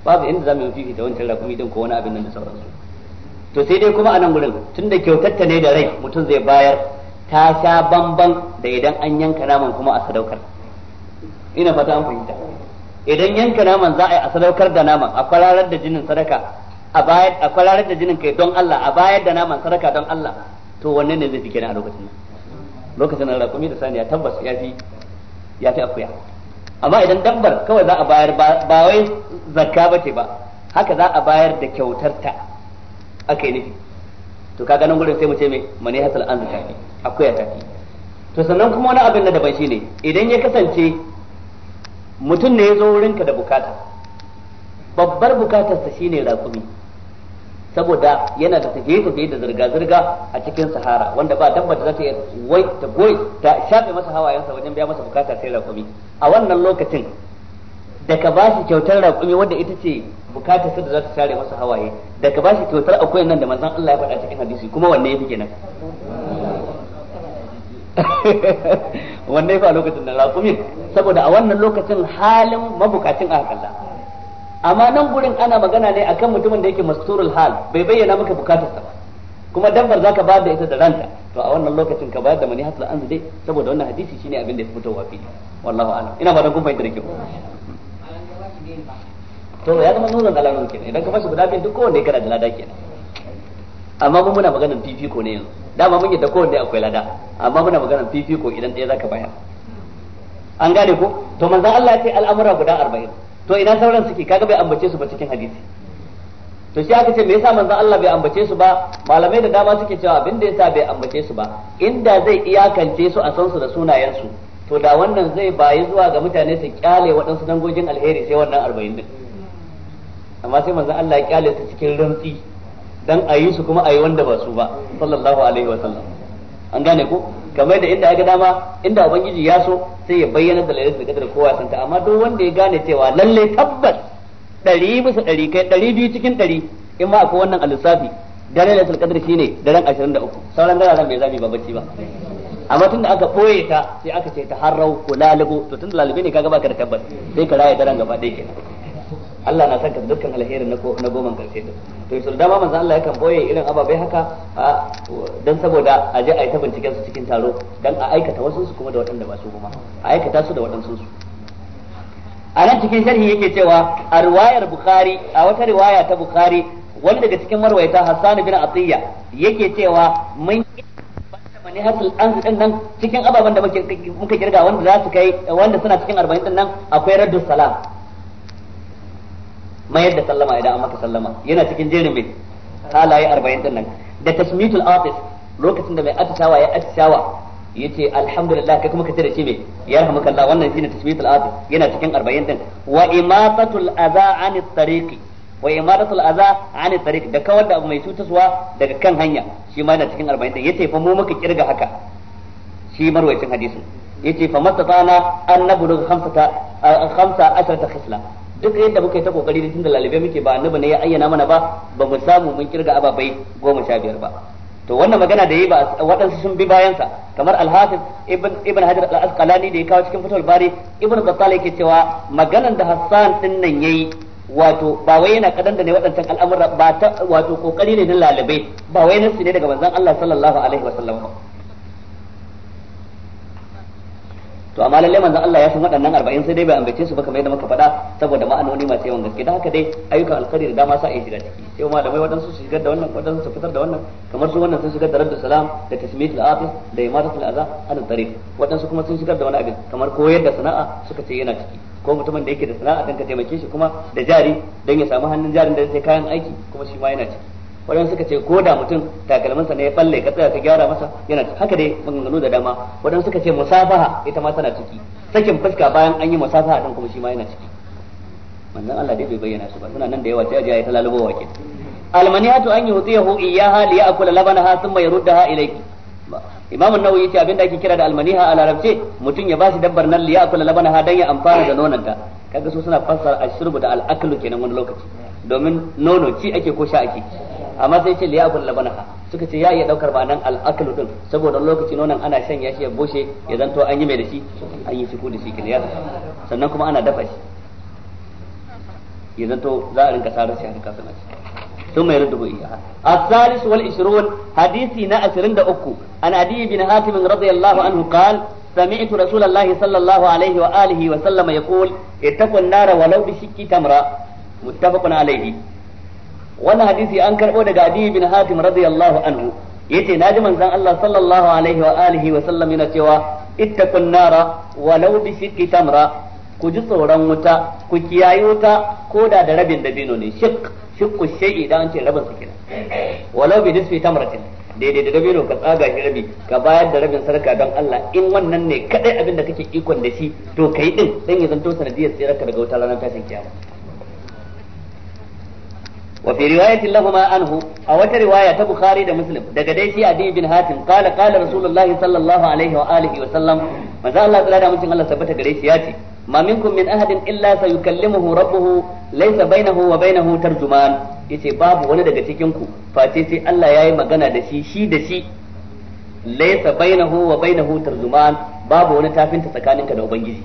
babu inda zamu yi da wancan raƙumi din ko wani abin nan da sauransu to sai dai kuma a nan gurin tunda kyautar ta ne da rai mutum zai bayar ta sha bambam. da idan an yanka naman kuma a sadaukar ina fata an fahimta idan yanka naman za a yi a sadaukar da naman a kwararar da jinin sadaka a bayar a kwararar da jinin kai don Allah a bayar da naman sadaka don Allah to wanne ne zai fi a lokacin nan lokacin nan rakumi da saniya tabbas ya fi ya fi akuya amma idan dabbar kawai za a bayar ba wai zakka bace ba haka za a bayar da kyautar ta akai nufi to kaga nan gurin sai mu ce me mani hasal an zakati akuya tafi to sannan kuma wani abin na daban shine idan ya kasance mutum ne ya zo wurinka da bukata babbar bukatarsa shine rakumi saboda yana da tafiye-tafiye da zirga-zirga a cikin sahara wanda ba dabba da za ta wai ta goyi ta shafe masa hawayensa wajen biya masa bukata sai rakumi a wannan lokacin da ka ba shi kyautar rakumi wanda ita ce bukatar sa da za ta share masa hawaye da ka ba shi kyautar akwai nan da manzon Allah ya faɗa cikin hadisi kuma wanne fi kenan wanda ya fa lokacin da raƙumin saboda a wannan lokacin halin mabukacin aka kalla amma nan gurin ana magana ne akan mutumin da yake masturul hal bai bayyana maka bukatarsa ba kuma dabbar zaka bayar da ita da ranta to a wannan lokacin ka bayar da mani hasla an dai saboda wannan hadisi shine abin da ya fito wa fili wallahu a'lam ina ba dan kun fahimta da kyau to ya zama nuna da lalurin kenan idan ka fashi guda biyu duk kowanne gada da lada kenan amma mun muna maganar fifiko ne yanzu dama mun yadda kowanne akwai lada amma muna maganar fifiko idan ɗaya zaka bayar an gane ko to manzon Allah ya ce al'amura guda 40 to idan sauran suke kaga bai ambace su ba cikin hadisi to shi aka ce me yasa manzon Allah bai ambace su ba malamai da dama suke cewa abin da yasa bai ambace su ba inda zai iyakance su a san su da sunayen su to da wannan zai bayi zuwa ga mutane su kyale waɗansu dangogin alheri sai wannan 40 din amma sai manzon Allah ya kyale su cikin rantsi dan a yi su kuma a yi wanda ba su ba sallallahu alaihi sallam. an gane ko kamar da inda ga dama inda ubangiji ya so sai ya bayyana da lailatul kowa santa amma duk wanda ya gane cewa lalle tabbas ɗari bisa ɗari kai ɗari biyu cikin ɗari in ma akwai wannan alisafi da lailatul qadr shine daren 23 sauran daren bai zabi ba bacci ba amma tun da aka ɓoye ta sai aka ce ta harrau ko lalubo to tun da lalube ne kaga baka da tabbas sai ka raya daren gaba ɗaya kenan Allah na saka dukkan alherin na goma karshe din to da dama manzo Allah yakan boye irin ababai haka dan saboda a je a yi ta binciken su cikin taro dan a aikata wasu su kuma da waɗanda ba su kuma a aikata su da waɗansu su a nan cikin sharhi yake cewa a riwayar bukhari a wata riwaya ta bukhari wani daga cikin marwaita Hassan bin Atiyya yake cewa mun ne hasil an din nan cikin ababen da muke muka kirga wanda za su kai wanda suna cikin 40 din nan akwai raddu salam mayar da sallama idan an maka sallama yana cikin jerin mai halaye arba'in din nan da tasmitul atis lokacin da mai atishawa ya atishawa yace alhamdulillah kai kuma ka tare shi me yarhamukallah wannan shine tasmitul atis yana cikin arba'in din wa imatatul adha anit tariqi wa imaratul aza an tariq da kawar da abu mai cutaswa daga kan hanya shi ma yana cikin 40 din yace fa mu muka kirga haka shi marwayacin hadisin yace fa mastatana an nablugh khamsata khamsa asharata khisla duk yadda muka yi ta kokari da tunda lalibai muke ba annabi ne ya ayyana mana ba ba mu samu mun kirga ababai goma sha biyar ba to wannan magana da yi ba waɗansu sun bi bayansa kamar al-hafiz ibn ibn hajar al-asqalani da ya kawo cikin fatul bari ibn battal yake cewa maganan da hassan din nan yayi wato ba wai yana kadan da ne waɗancan al'amura ba ta wato kokari ne na lalibai ba wai nasu ne daga manzon Allah sallallahu alaihi wasallam ba to amma lalle manzon Allah ya san waɗannan 40 sai dai bai ambace su ba kamar yadda muka faɗa saboda ma'anoni masu yawan gaske da haka dai ayyukan alkhairi da dama sa iya shiga ciki sai mai waɗansu su shigar da wannan waɗansu su fitar da wannan kamar su wannan sun shigar da radda salam da al afis da al aza ala tariq waɗansu kuma sun shigar da wani abin kamar koyar da sana'a suka ce yana ciki ko mutumin da yake da sana'a dan ka taimake shi kuma da jari dan ya samu hannun jarin da zai kayan aiki kuma shi ma yana ciki wadan suka ce ko da mutum takalminsa ne ya balle ka tsaya ka gyara masa yana haka dai maganganu da dama wadan suka ce musafaha ita ma tana ciki sakin fuska bayan an yi musafaha din kuma shi ma yana ciki manzon Allah dai bai bayyana su ba suna nan da yawa sai aje ta lalubo ke almaniatu an yuhtiyahu iyyaha li ya'kula labanaha thumma yaruddaha ilayki imam an-nawawi yace abinda ake kira da almaniha a larabce mutum ya bashi dabbar nan liya kula labanaha, dan ya amfana da nononta kaga su suna fassara ashrubu da al-aklu kenan wani lokaci domin nono ci ake ko sha ake amma sai ce liya kullu banaha suka ce ya iya daukar ba nan al'aklu din saboda lokaci nonon ana shan ya shi ya bushe ya zanto an yi mai da shi an yi shiku da shi kiliya sannan kuma ana dafa shi ya zanto za a rinka sarar shi a haka sana shi ثم يرده إياها الثالث والعشرون حديثنا أسرين أكو عن عدي بن حاتم رضي الله عنه قال سمعت رسول الله صلى الله عليه وآله وسلم يقول اتقوا النار ولو بشك تمرة متفق عليه wannan hadisi an karbo daga Adi bin Hatim radiyallahu anhu yace naji manzon Allah sallallahu alaihi wa alihi wa sallam yana cewa ittaqun nara walau bi shiqqi tamra ku ji tsoron wuta ku kiyaye wuta ko da da rabin dabino ne shiq shiqqu shay'i da an ce rabin su kenan walau bi nisfi tamratin daidai da dabino ka tsaga shi rabi ka bayar da rabin sarka don Allah in wannan ne kadai abin da kake ikon da shi to kai din dan ya zanto sanadiyar ka daga wuta ranar tashin kiyama wa fi riwayatin lahuma anhu a wata riwaya ta bukhari da muslim daga dai shi adi bin hatim kala kala rasulullahi sallallahu alaihi wa alihi wa sallam manzo Allah tsara da mutun Allah tabbata gare shi ya ce mamin ku min ahadin illa sayukallimuhu rabbuhu laysa bainahu wa bainahu tarjuman yace babu wani daga cikin ku face sai Allah ya yi magana da shi shi da shi laysa bainahu wa bainahu tarjuman babu wani tafinta tsakaninka da ubangiji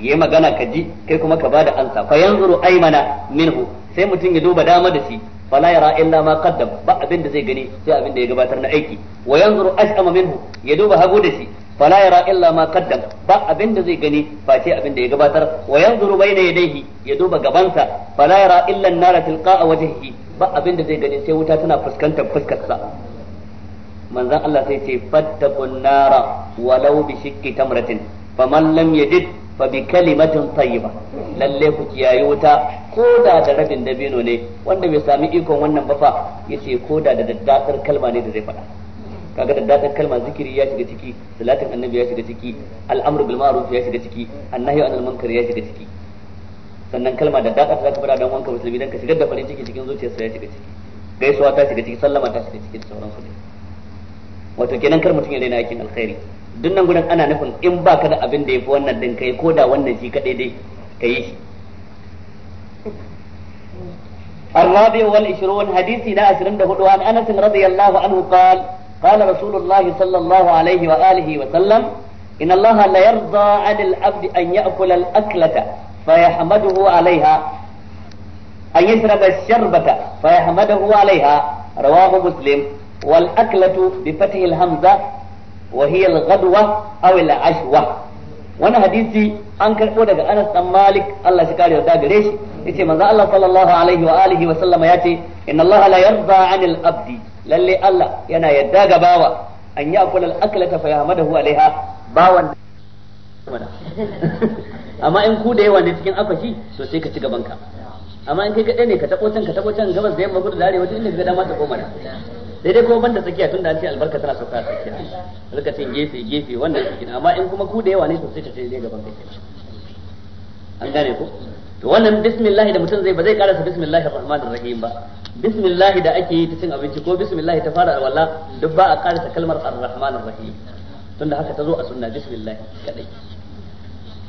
yi magana ka ji kai kuma ka bada ansa fa yanzuru aymana minhu sai mutum ya duba dama da shi fala yara illa ma qaddam ba abin da zai gani sai abin da ya gabatar na aiki wa yanzuru ashama minhu ya duba hagu da shi fala yara illa ma qaddam ba abin da zai gani fa sai abin da ya gabatar wa yanzuru bayna yadayhi ya duba gabansa fala yara illa an-nara tilqa'a wajhihi ba abin da zai gani sai wuta tana fuskantar fuskarsa manzon Allah sai ce fattaqun nara walau bi shikki tamratin faman lam yajid fa bi kalimatin tayyiba lalle ku kiyaye wuta ko da da rabin dabino ne wanda bai sami ikon wannan ba fa yace ko da da daddatsar kalma ne da zai faɗa kaga daddatsar kalma zikiri ya shiga ciki salatin annabi ya shiga ciki al'amru bil ma'ruf ya shiga ciki annahi anil munkar ya shiga ciki sannan kalma da daddatsar zaka fara dan wanka musulmi dan ka shigar da farin ciki cikin zuciyarsa ya shiga ciki gaisuwa ta shiga ciki sallama ta shiga ciki da sauransu ne wato kenan kar mutum ya daina aikin alkhairi duk nan gurin ana nufin in baka da abin da yafi wannan din kai ko da wannan shi kadai dai ka yi shi الرابع والعشرون حديث لا عشرين دهود عن أنس رضي الله عنه قال قال رسول الله صلى الله عليه وآله وسلم إن الله لا يرضى عن العبد أن يأكل الأكلة فيحمده عليها أن يشرب الشربة فيحمده عليها رواه مسلم wal aklatu bi fathil hamza wa hiya al ghadwa aw ashwa wani hadisi an karbo daga Anas dan Malik Allah shi kare da gare shi yace maza Allah sallallahu alaihi wa alihi wa sallama yace inna Allah la yarda 'anil abdi lalle Allah yana yadda ga bawa bawan amma in ku da yawa ne cikin akwashi to sai ka ci gaban ka amma in kai kaɗai ne ka taɓo can ka taɓo can gabas da yamma gudu da arewa duk inda ka ga dama ta komana sai dai kuma banda tsakiya tunda an ce albarka tana sauka a tsakiya rika cin gefe gefe wannan gina amma in kuma ku da yawa ne sosai ta ce zai gaban kake an gane ku? to wannan bismillah da mutum zai ba zai karasa bismillahir rahman rahim ba bismillah da ake yi ta cin abinci ko bismillah ta fara walla duk ba a karasa kalmar ar rahim. rahim tunda haka ta zo a sunna bismillah kadai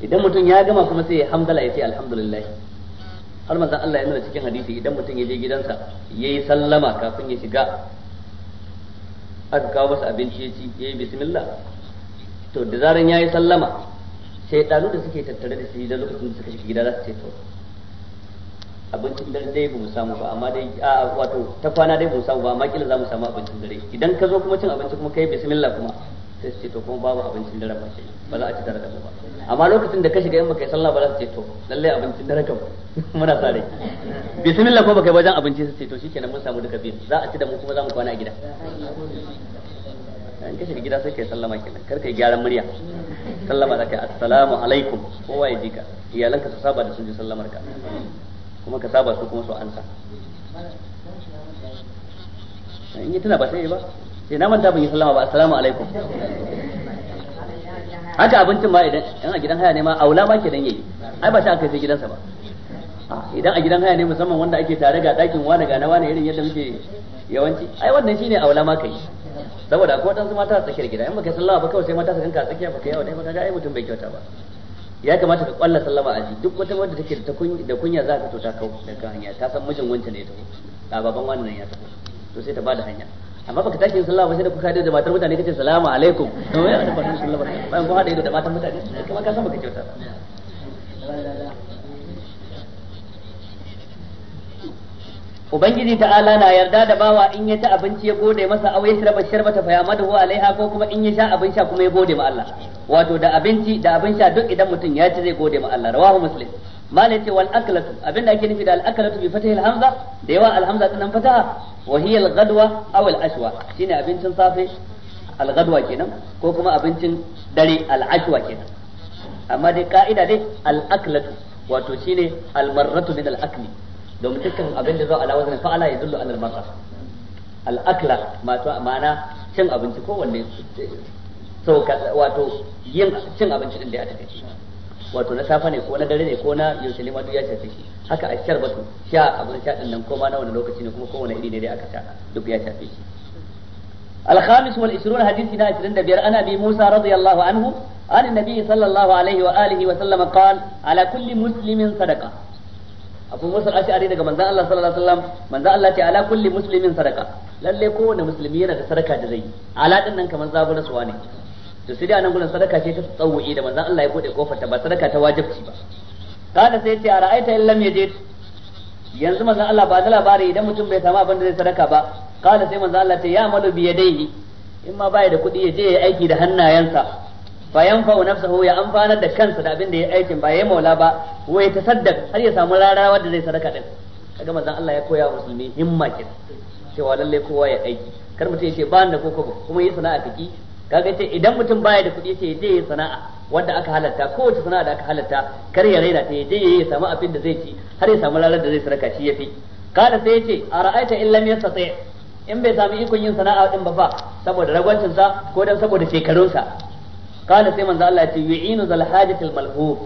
idan mutum ya gama kuma sai ya hamdala ya ce alhamdulillah har manzon Allah ya nuna cikin hadisi idan mutum ya je gidansa yayi sallama kafin ya shiga aka kawo masa abinci ya ci ya yi bismillah to da zaran ya yi sallama sai ɗanu da suke tattare da shi da lokacin da suka shiga gida za su ce to abincin dare dai ba mu samu ba amma dai a wato ta kwana dai ba mu samu ba amma kila za mu samu abincin dare idan ka zo kuma cin abinci kuma kai bismillah kuma sai su ce to kuma babu abincin dare ba ba za a ci dare ba amma lokacin da ka shiga yamma kai sallah ba za su ce to lallai abincin dare kan muna sa bismillah ko baka wajen abinci su ce to shikenan mun samu duka biyu za a ci da mu kuma za mu kwana a gida an kashe gida sai kai sallama kenan kar kai gyaran murya sallama za ka yi assalamu alaikum kowa ya ji ka iyalanka su saba da sun ji sallamar ka kuma ka saba su kuma su ansa in yi tuna ba sai ba sai na manta ban yi sallama ba assalamu alaikum haka abincin ma idan idan a gidan haya ne ma aula ma ke dan yayi ai ba shi aka sai gidansa ba idan a gidan haya ne musamman wanda ake tare ga dakin wani ga na wani irin yadda muke yawanci ai wannan shine aula ma kai saboda akwai wadansu mata a tsakiyar gida in baka sallama ba kawai sai mata su ganka a tsakiya baka yawa dai ba kaga ai mutum bai kyauta ba ya kamata ka kwalla sallama a ji duk wata wanda take da kunya za ka to ta kau da hanya ta san mijin wancan ne ta tafi a baban wannan ya tafi to sai ta bada hanya amma baka tashi sallah ba sai da kuka da matar mutane kace salamu alaikum to me da fatan sallah ba bayan ku hada ido da matar mutane kuma ka san baka kyauta Ubangiji ta'ala na yarda da bawa in ya ci abinci ya gode masa aw shirba ta faya madahu alaiha ko kuma in ya sha abin sha kuma ya gode ma Allah wato da abinci da abin sha duk idan mutum ya ci zai gode ma Allah rawahu muslim malai ce wal abinda ake nufi da al aklatu bi fatahil da yawa al hamza fataha wa hiya al ghadwa aw al ashwa shine abincin safe al ghadwa kenan ko kuma abincin dare al ashwa kenan amma dai ka'ida dai al aklatu wato shine al min al domin dukkan abin da zo ala wazn fa'ala ma'ana cin abinci ko wanne wato abinci da ya take wato na safa ne ko na dare ne ko na yaushe ne ma duk ya shafe shi haka a shar batu sha abin sha din nan koma na wani lokaci ne kuma kowane iri ne dai aka sha duk ya shafe shi الخامس والعشرون حديث سنة عشرين دبير أنا أبي موسى رضي الله عنه عن النبي صلى الله عليه وآله وسلم قال على كل مسلم صدقة أبو موسى الأشعري دقى من ذا الله صلى الله عليه وسلم من ذا الله على كل مسلم صدقة للي كون مسلمين صدقة دزي على أنك من ذا بلس واني to sai dai anan gurin sadaka ce ta tsawu'i da manzon Allah ya bude kofar ta ba sadaka ta wajibci ba kada sai ce a ra'aita in lam yajid yanzu manzon Allah ba da labari idan mutum bai samu abin da zai sadaka ba kada sai manzon Allah ta ya amalu bi dai in ma baya da kuɗi ya je ya aiki da hannayensa fa yanfa'u nafsahu ya amfanar da kansa da abin da ya aikin ba ya maula ba wa ya tasaddaq har ya samu rarawa da zai sadaka din kaga manzon Allah ya koya musulmi himma kin cewa lalle kowa ya aiki kar mutum ya ce ba ni da koko kuma yi sana'a fiki kaga ce idan mutum baya da kuɗi ce je ya sana'a wanda aka halatta kowace sana'a da aka halatta kar ya raina ta je ya samu abin da zai ci har ya samu lalar da zai saraka shi yafi kada sai yace a in illam yastati in bai samu ikon yin sana'a din ba fa saboda ragwancin sa ko dan saboda shekarun sa kada sai manzo Allah ya ce yu'inu zal hajatil malhuf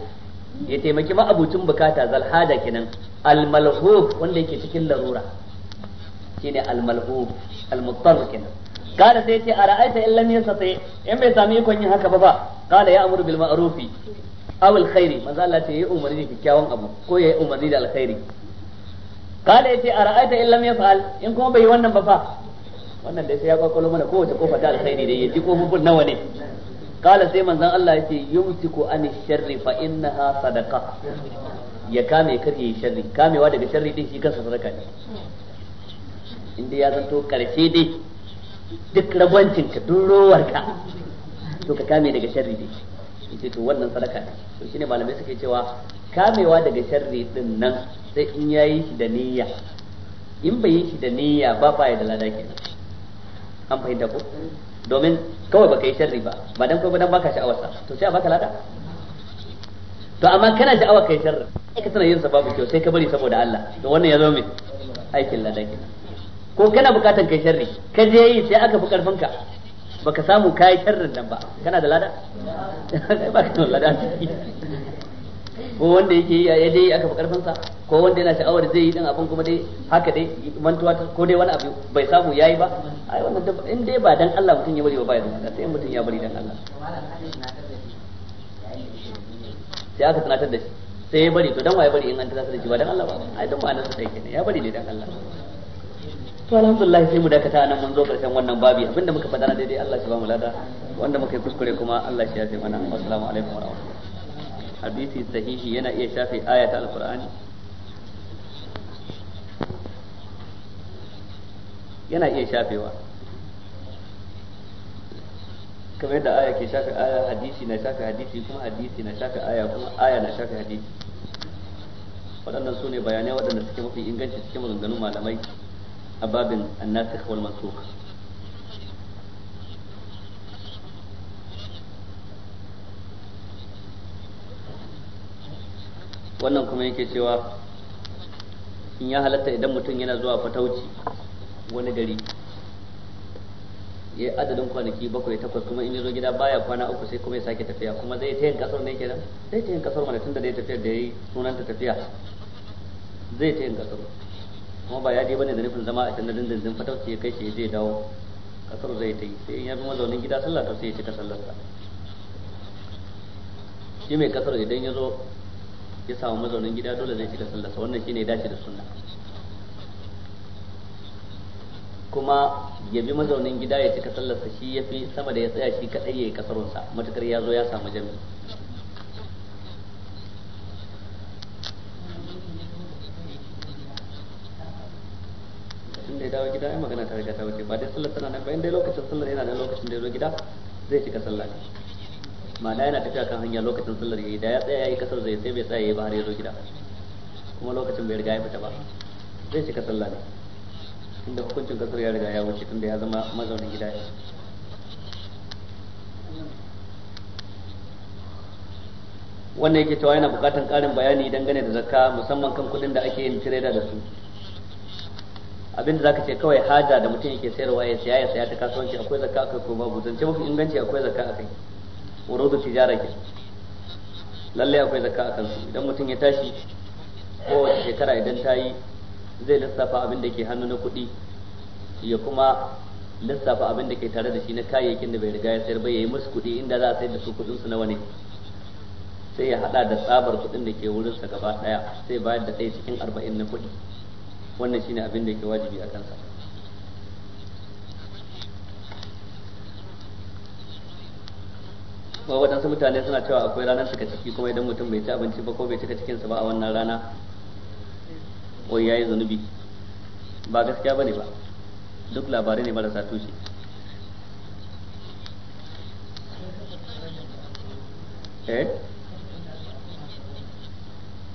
ya taimaki ma ma'abucin bukata zal haja kenan al malhuf wanda yake cikin larura shine al malhuf al muttar kenan kada sai ce ara'aita in lam yastati in bai sami ikon yin haka ba ba kada ya amuru bil ma'rufi aw al khairi manzo Allah ce yi umarni da kikkiawan abu ko yayi umarni da alkhairi kada yace ara'aita in lam yaf'al in kuma bai yi wannan ba fa wannan dai sai ya kwakwalo mana kowace kofa ta alkhairi da yaji kofofin nawa ne kala sai manzon Allah yace yumsiku an sharri fa innaha sadaqa ya kame kake yi sharri kamewa daga sharri din shi kansa sadaka ne inda ya zanto karshe dai duk ragwancin ka duk rowar ka to ka kame daga sharri da ita yace to wannan sadaka ne to shine malamai suke cewa kamewa daga sharri din nan sai in yayi shi da niyya in bai yi shi da niyya ba ba ya da lada ke. an fahimta ko domin kawai baka yi sharri ba ba dan kawai dan baka sha'awar sa to sai a baka lada to amma kana sha'awar kai sharri sai ka tana yin sa babu kyau sai ka bari saboda Allah to wannan ya zo mai aikin lada kenan ko kana bukatan kai sharri ka je yi sai aka fi karfin ka baka samu kai sharrin nan ba kana da lada ba ka da lada ko wanda yake yi ya je aka fi karfin sa ko wanda yana sha'awar zai yi din abin kuma dai haka dai mantuwa ko dai wani abu bai samu yayi ba ai wannan in dai ba dan Allah mutum ya bari ba ya zama sai mutum ya bari dan Allah sai aka tunatar da shi sai ya bari to dan waye bari in an tunatar da shi ba dan Allah ba ai dan ba sa sai kenan ya bari ne dan Allah to alhamdulillah sai mu dakata nan mun zo karshen wannan babi abinda muka faɗa na daidai Allah shi ba mu lada wanda muka yi kuskure kuma Allah shi ya sai mana assalamu alaikum wa rahmatullahi hadisi sahihi yana iya shafe ayata alqur'ani yana iya shafewa kamar yadda aya ke shafe aya hadisi na shafe hadisi kuma hadisi na shafe aya kuma aya na shafe hadisi waɗannan su ne bayanai waɗanda suke mafi inganci cikin maganganun malamai a babin annasikh wal mansukh wannan kuma yake cewa in ya halatta idan mutum yana zuwa fatauci wani gari ya adadin kwanaki bakwai takwas kuma in ya zo gida baya kwana uku sai kuma ya sake tafiya kuma zai ta yin kasar ne kenan zai ta yin kasar mana tunda da ya tafiya, da ya yi sunanta tafiya zai ta yin kasar kuma ba ya je bane da nufin zama a can dindindin fatauci ya kai shi zai dawo kasar zai ta yi sai in ya zama zaunin gida sallah ta sai ya cika sallarsa shi mai kasar idan ya zo ya samu mazaunin gida dole zai cika sallarsa wannan shine dace da sunna kuma ya bi mazaunin gida ya cika sallarsa shi ya fi sama da ya tsaya shi kadai ya yi kasarunsa matukar ya zo ya samu jami'i gida ai magana ta riga ta wuce ba dai sallar tana nan ba in lokacin sallar yana da lokacin da ya zo gida zai cika sallar ne ma'ana yana tafiya kan hanya lokacin sallar yayi da ya tsaya yayi kasar zai sai bai tsaya yayi ba har ya zo gida kuma lokacin bai riga ya fita ba zai cika sallar ne inda hukuncin kasar ya riga ya wuce tunda ya zama mazaunin gida ya wannan yake cewa yana bukatan karin bayani dangane da zakka musamman kan kudin da ake yin tireda da su abinda zaka ce kawai hada da mutum yake sayarwa ya siya ya saya ta kasuwanci akwai zakka akai ko babu zance mafi inganci akwai zakka akai wurudu tijara ke lalle akwai zakka akan su idan mutum ya tashi kowace shekara idan ta yi zai lissafa abin da ke hannu na kuɗi ya kuma lissafa abin da ke tare da shi na kayayyakin da bai riga ya sayar ba ya yi musu kuɗi inda za a sayar da su kuɗin su na ne sai ya haɗa da tsabar kuɗin da ke wurinsa gaba ɗaya sai bayar da ɗaya cikin arba'in na kuɗi wannan shine abin da yake wajibi a kansa ba waɗansu mutane suna cewa akwai ranar cika ciki kuma idan mutum bai ci abinci ba ko bai cika cikinsa ba a wannan rana wai yayi zunubi ba gaskiya bane ba duk labarai ne marasa tushe eh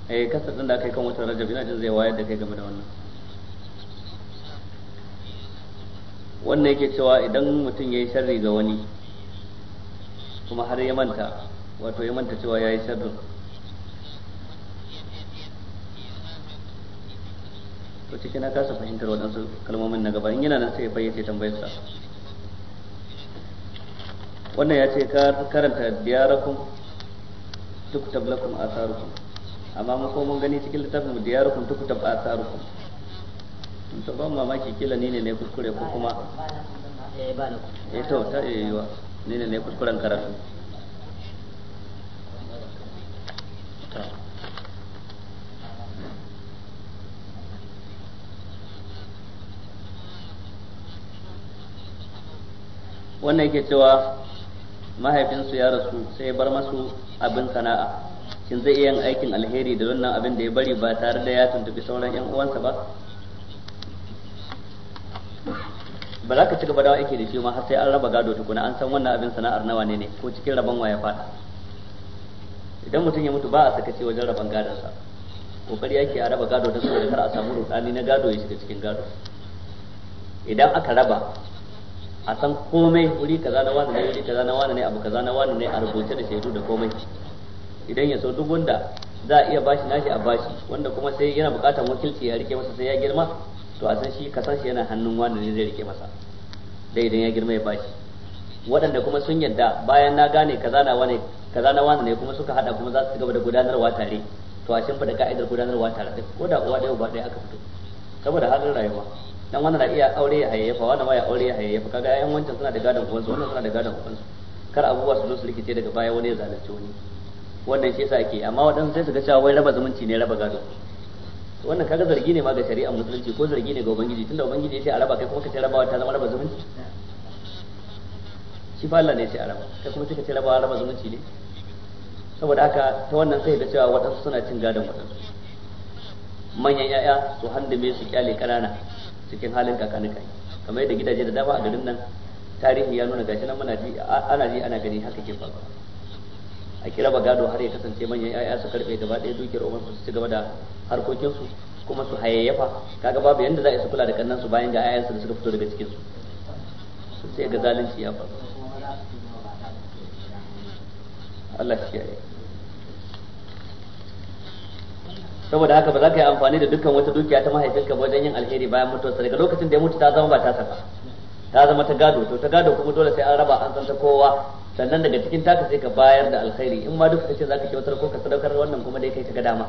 eh kasar din da aka yi kan wata rajab ina jin zai wayar da kai game da wannan wannan yake cewa idan mutum ya yi sharri ga wani kuma har ya manta wato ya manta cewa ya yi sharri to cikin na kasa fahimtar waɗansu kalmomin na gaba in yana nan sai ya fayyace tambayarsa wannan ya ce karanta diyarakun tukutab lakum asarukum amma mun mun gani cikin littafin tukutab a asarukum to ban mamaki kila ni ne ne kuskure ko kuma eh, eh to ta iya yiwa ni ne ne kuskuren karatu wannan yake cewa mahaifinsu ya rasu sai bar masu abin sana'a shin zai iya yin aikin alheri da wannan abin da ya bari ba tare da ya tuntubi sauran 'yan uwansa ba ba za ka ci gaba da yake da shi ma har sai an raba gado tukuna an san wannan abin sana'ar nawa ne ne ko cikin rabon waya fada idan mutum ya mutu ba a sakaci wajen raban gadonsa kokari yake a raba gado ta saboda kar a samu rudani na gado ya shiga cikin gado idan aka raba a san komai wuri kaza na wani ne wuri kaza na wani ne abu kaza na wani ne a rubuce da shaidu da komai idan ya so duk wanda za a iya bashi nashi a bashi wanda kuma sai yana bukatar wakilci ya rike masa sai ya girma to a san shi ka san shi yana hannun wani ne zai rike masa dai idan ya girma ya bashi waɗanda kuma sun yadda bayan na gane kaza na wane ne kuma suka hada kuma za su gaba da gudanarwa tare to a da ka'idar gudanarwa tare da ko da uwa ɗaya uba ɗaya aka fito saboda halin rayuwa dan wannan na iya aure ya hayayyafa wannan ma ya aure ya hayayyafa kaga ƴaƴan wancan suna da gadon uwansu wannan suna da gadon uwansu kar abubuwa su zo su rikice daga baya wani ya zalunci wani wannan shi yasa ake amma waɗansu sai su ga cewa wai raba zumunci ne raba gado wannan kaga zargi ne ma ga shari'ar musulunci ko zargi ne ga ubangiji tunda ubangiji ya ce araba kai kuma ka ce rabawa ta zama raba zumunci shi fa Allah ne ya ce araba kai kuma kace ce rabawa raba zumunci ne saboda haka ta wannan sai da cewa waɗansu suna cin gadon waɗansu manyan 'ya'ya su handume su kyale ƙanana cikin halin kai kamar yadda gidaje da dama a garin nan tarihi ya nuna gashi nan muna ji ana ji ana gani haka ke faruwa a kira ba gado har ya kasance manyan yaya su karbe gaba ɗaya dukiyar umar su ci gaba da harkokinsu kuma su hayayyafa kaga babu yanda za a yi su kula da kannan su bayan ga yayansu da suka fito daga cikin su sai ga zalunci ya faru Allah shi yayi saboda haka ba za ka yi amfani da dukkan wata dukiya ta mahaifinka ba wajen yin alheri bayan mutuwarsa daga lokacin da ya mutu ta zama ba ta saka ta zama ta gado to ta gado kuma dole sai an raba an san ta kowa sannan daga cikin taka sai ka bayar da alkhairi in ma duk kace zaka kyautar ko ka sadaukar wannan kuma dai kai ka ga dama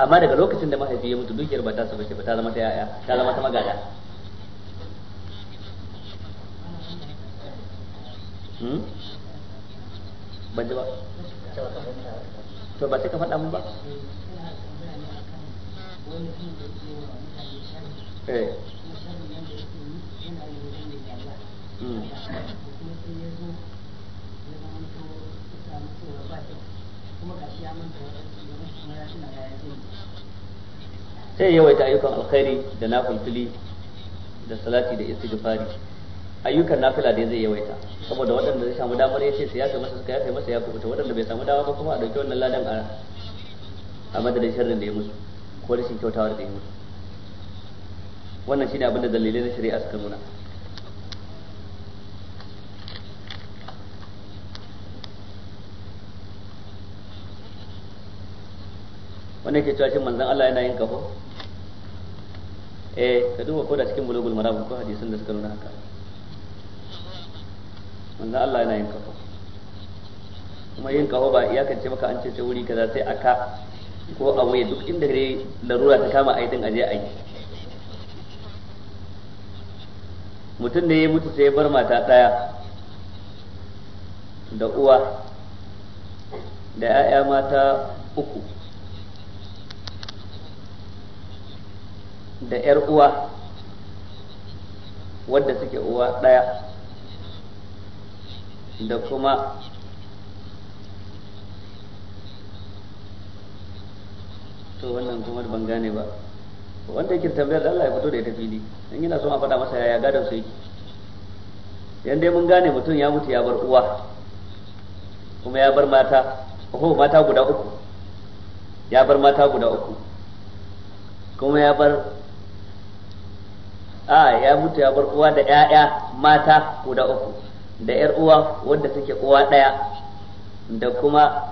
amma daga lokacin da mahaifi ya mutu dukiyar ba ta saba ce ba ta zama ta yaya ta zama ta magada hmm? ban ji ba to ba sai ka faɗa mun ba eh hmm. sai yawaita ayyukan alkhairi da na fulfili da salati da istighfari ayyukan nafila da zai yawaita saboda waɗanda zai samu damar ya ce sai ya masa suka ya kai masa ya kubuta waɗanda bai samu dama ba kuma a ɗauki wannan ladan a a madadin sharrin da ya mutu ko rashin kyautawar da ya mutu wannan shine abin da dalilai na shari'a suka nuna wannan ke cewa shin manzon Allah yana yin kafo eh ka duba ko da cikin bulugul marabu ko hadisin da suka nuna haka manzon Allah yana yin kafo kuma yin kafo ba iyakance maka an ce sai wuri kaza sai aka ko a waye duk inda dai larura ta kama aidin aje a yi mutum ne ya mutu sai ya bar mata ɗaya da uwa da 'ya'ya mata uku da ‘yar uwa wadda suke uwa ɗaya da kuma to wannan kuma ban gane ba wanda yake tambayar da Allah ya fito da ita fili in yana so a faɗa masa yaya gadon sai yan dai mun gane mutum ya mutu ya bar uwa kuma ya bar mata oho mata guda uku ya bar mata guda uku kuma ya bar a ya mutu ya bar uwa da ƴaƴa mata guda uku da ƴar uwa wadda take uwa ɗaya da kuma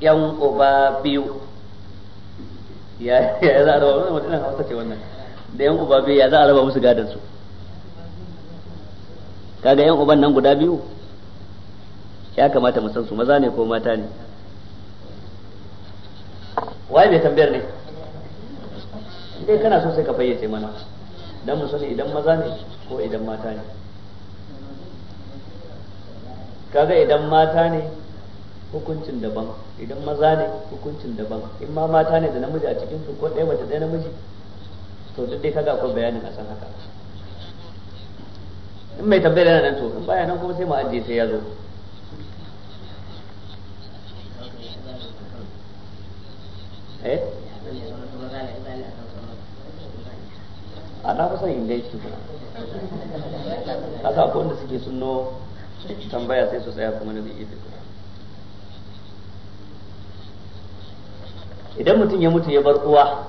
yan uba biyu ya za a raba wani nan hausa ce wannan da yan uba biyu ya za a raba musu gadon su kaga yan uban nan guda biyu ya kamata mu san su maza ne ko mata ne wai mai tambayar ne dai kana so sai ka fayyace mana dan mu sani idan maza ne ko idan mata ne kaga idan mata ne hukuncin daban idan maza ne hukuncin daban in ma mata ne da namiji a cikin su ko ɗaya mace ɗaya namiji to duk dai kaga akwai bayanin a san haka in mai tambayar yana nan to in baya nan kuma sai mu ajiye sai ya zo eh a na fasa in gaishe kuma haka akwai wanda suke suno tambaya sai su tsaya kuma na zai iya idan mutum ya mutu ya bar uwa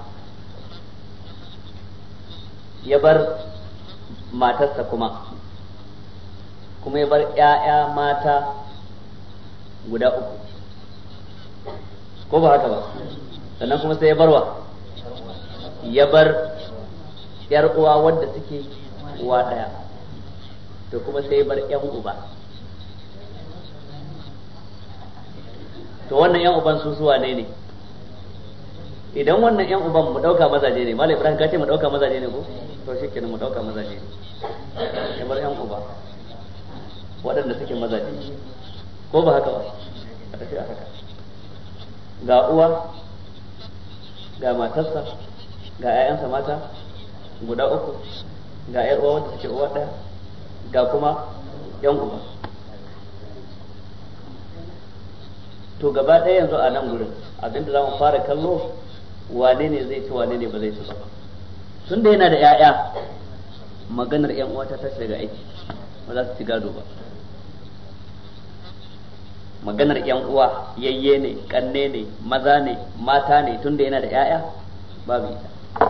ya bar matarsa kuma kuma ya bar 'ya'ya mata guda uku ko ba haka ba sannan kuma sai ya barwa ya bar yar uwa wanda suke uwa daya to kuma sai bar yan uba to wannan yan uban su suwa ne ne idan wannan yan uban mu dauka mazaje ne malam ibrahim ka ce mu dauka mazaje ne ko to kenan mu dauka mazaje ne kamar yan uba waɗanda suke mazaje ko ba haka ba a tafi a haka ga uwa ga matarsa ga 'ya'yansa mata guda uku ga yar uwa wanda suke uwa ɗaya ga kuma yan uba to gaba ɗaya yanzu a nan gurin abinda za mu fara kallo wane ne zai ci wane ne ba zai ci ba tun da yana da 'ya'ya maganar 'yan uwa ta tashi daga aiki ba za su ci gado ba maganar yan uwa yayye ne kanne ne maza ne mata ne tunda yana da yaya babu ita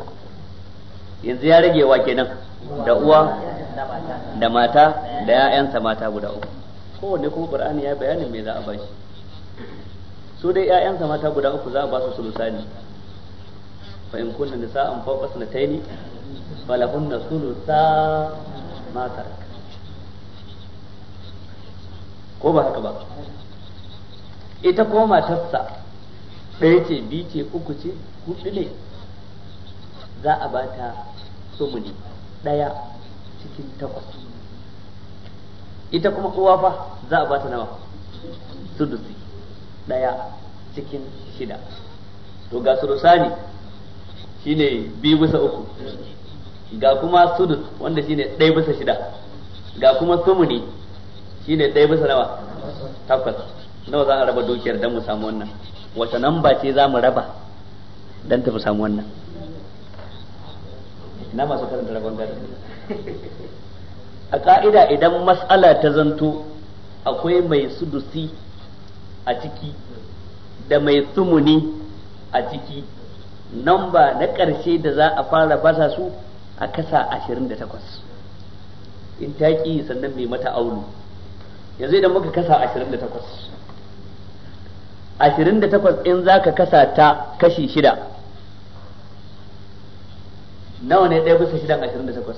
yanzu ya rage wa kenan da uwa da mata da 'ya'yansa mata guda uku kowanne kuma qur'ani ya bayanin me za a bashi su dai 'ya'yansa mata guda uku za a ba su sulusani fa in kunna nisa'an fawqa sanataini falahunna sulusa ma taraka ko ba haka ba ita ko matarsa ɗaya ce biyu ce uku ce hudu ne za a ba ta. ne daya cikin takwas ita kuma uwa fa za a bata nawa sudusi daya cikin shida to ga surusani shine biyu bisa uku ga kuma sudus wanda shine ɗaya bisa shida ga kuma sumuni shine ɗaya bisa nawa takwas nawa za a raba dukiyar don mu samu wannan wata ba ce za mu raba don ta mu samu wannan ina masu karanta rabon gado a ka'ida idan mas'ala ta zanto akwai mai sudusi a ciki da mai tsumuni a ciki nan ba na ƙarshe da za a fara basa su a kasa ashirin da takwas in ta ƙi sannan mai mata aulu yanzu idan muka kasa ashirin da takwas ashirin da takwas in za ka kasa ta kashi shida nawa ne ɗaya bisa shidan ashirin da takwas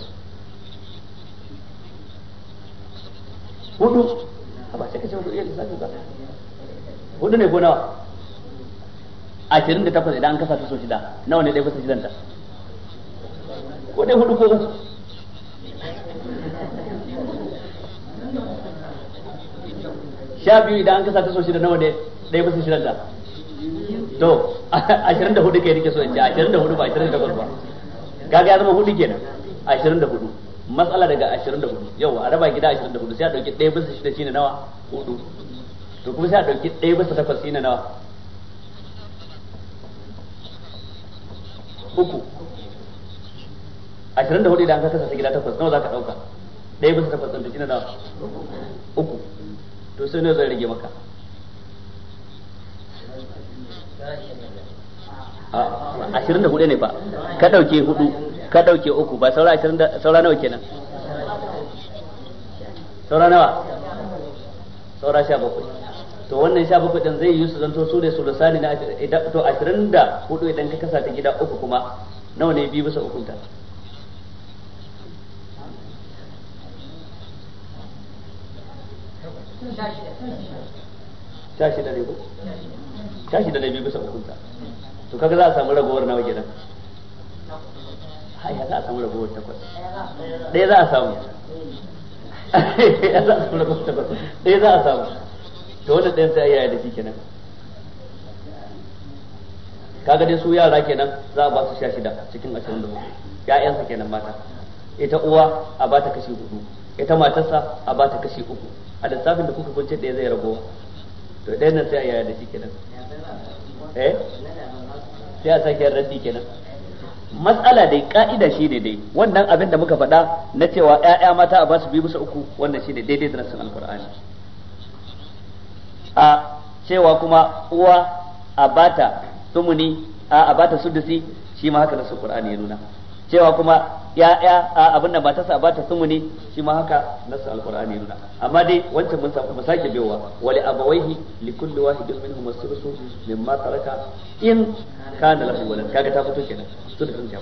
hudu a ba sai ka ce hudu iya lissafi ba hudu ne ko nawa ashirin da takwas idan an kasa ta so shida nawa ne ɗaya bisa shidan ta ko dai hudu ko uku sha biyu idan an kasa ta so shida nawa ne ɗaya bisa shidan ta to ashirin da hudu kai nake so in ce ashirin da hudu ba ashirin da takwas ba kaga ya zama hudu kenan 24 matsala daga 24 yau a raba gida 24 sai a dauki 1 bisa 6 shine nawa hudu to kuma sai a dauki 1 bisa 8 shine nawa uku 24 idan ka kasa gida 8 nawa zaka dauka 1 bisa 8 din shine nawa uku to sai ne zai rage maka ashirin da hudu ne ba ka ɗauke hudu ka ɗauke uku ba saura ashirin da saura nawa kenan saura nawa saura sha bakwai to wannan sha bakwai ɗin zai yi su zanto su ne su da Sani na to ashirin da hudu idan ka kasa ta gida uku kuma nawa ne biyu bisa ukunta sha shida ne ko sha shida ne biyu bisa ukunta to kaga za a samu ragowar nawa kenan haya za a samu ragowar takwas ɗaya za a samu ya za a samu ragowar takwas ɗaya za a samu to wanda ɗayan sai yaya da shi kenan kaga dai su yara kenan za a ba su sha shida cikin ashirin da hudu ƴaƴansa kenan mata ita uwa a ba ta kashi hudu ita matarsa a ba ta kashi uku a lissafin da kuka kunce ɗaya zai ragowa to ɗayan nan sai a da shi kenan eh sai a sake raddi kenan matsala dai ka'ida shi ne dai wannan abin da muka faɗa na cewa 'ya'ya mata a basu biyu bisa uku wannan shi ne daidai da nassin alqur'ani a cewa kuma uwa a bata tumuni a bata sudusi shi ma haka nassin alqur'ani ya nuna cewa kuma ya a abin da sa ba ta sumu ne shi ma haka nasu alqur'ani nuna amma dai wancan mun mu sake biyowa wali abawaihi li kulli wahidin minhum as-sudusu mimma taraka in kana lahu walad kaga ta fito kenan da kanka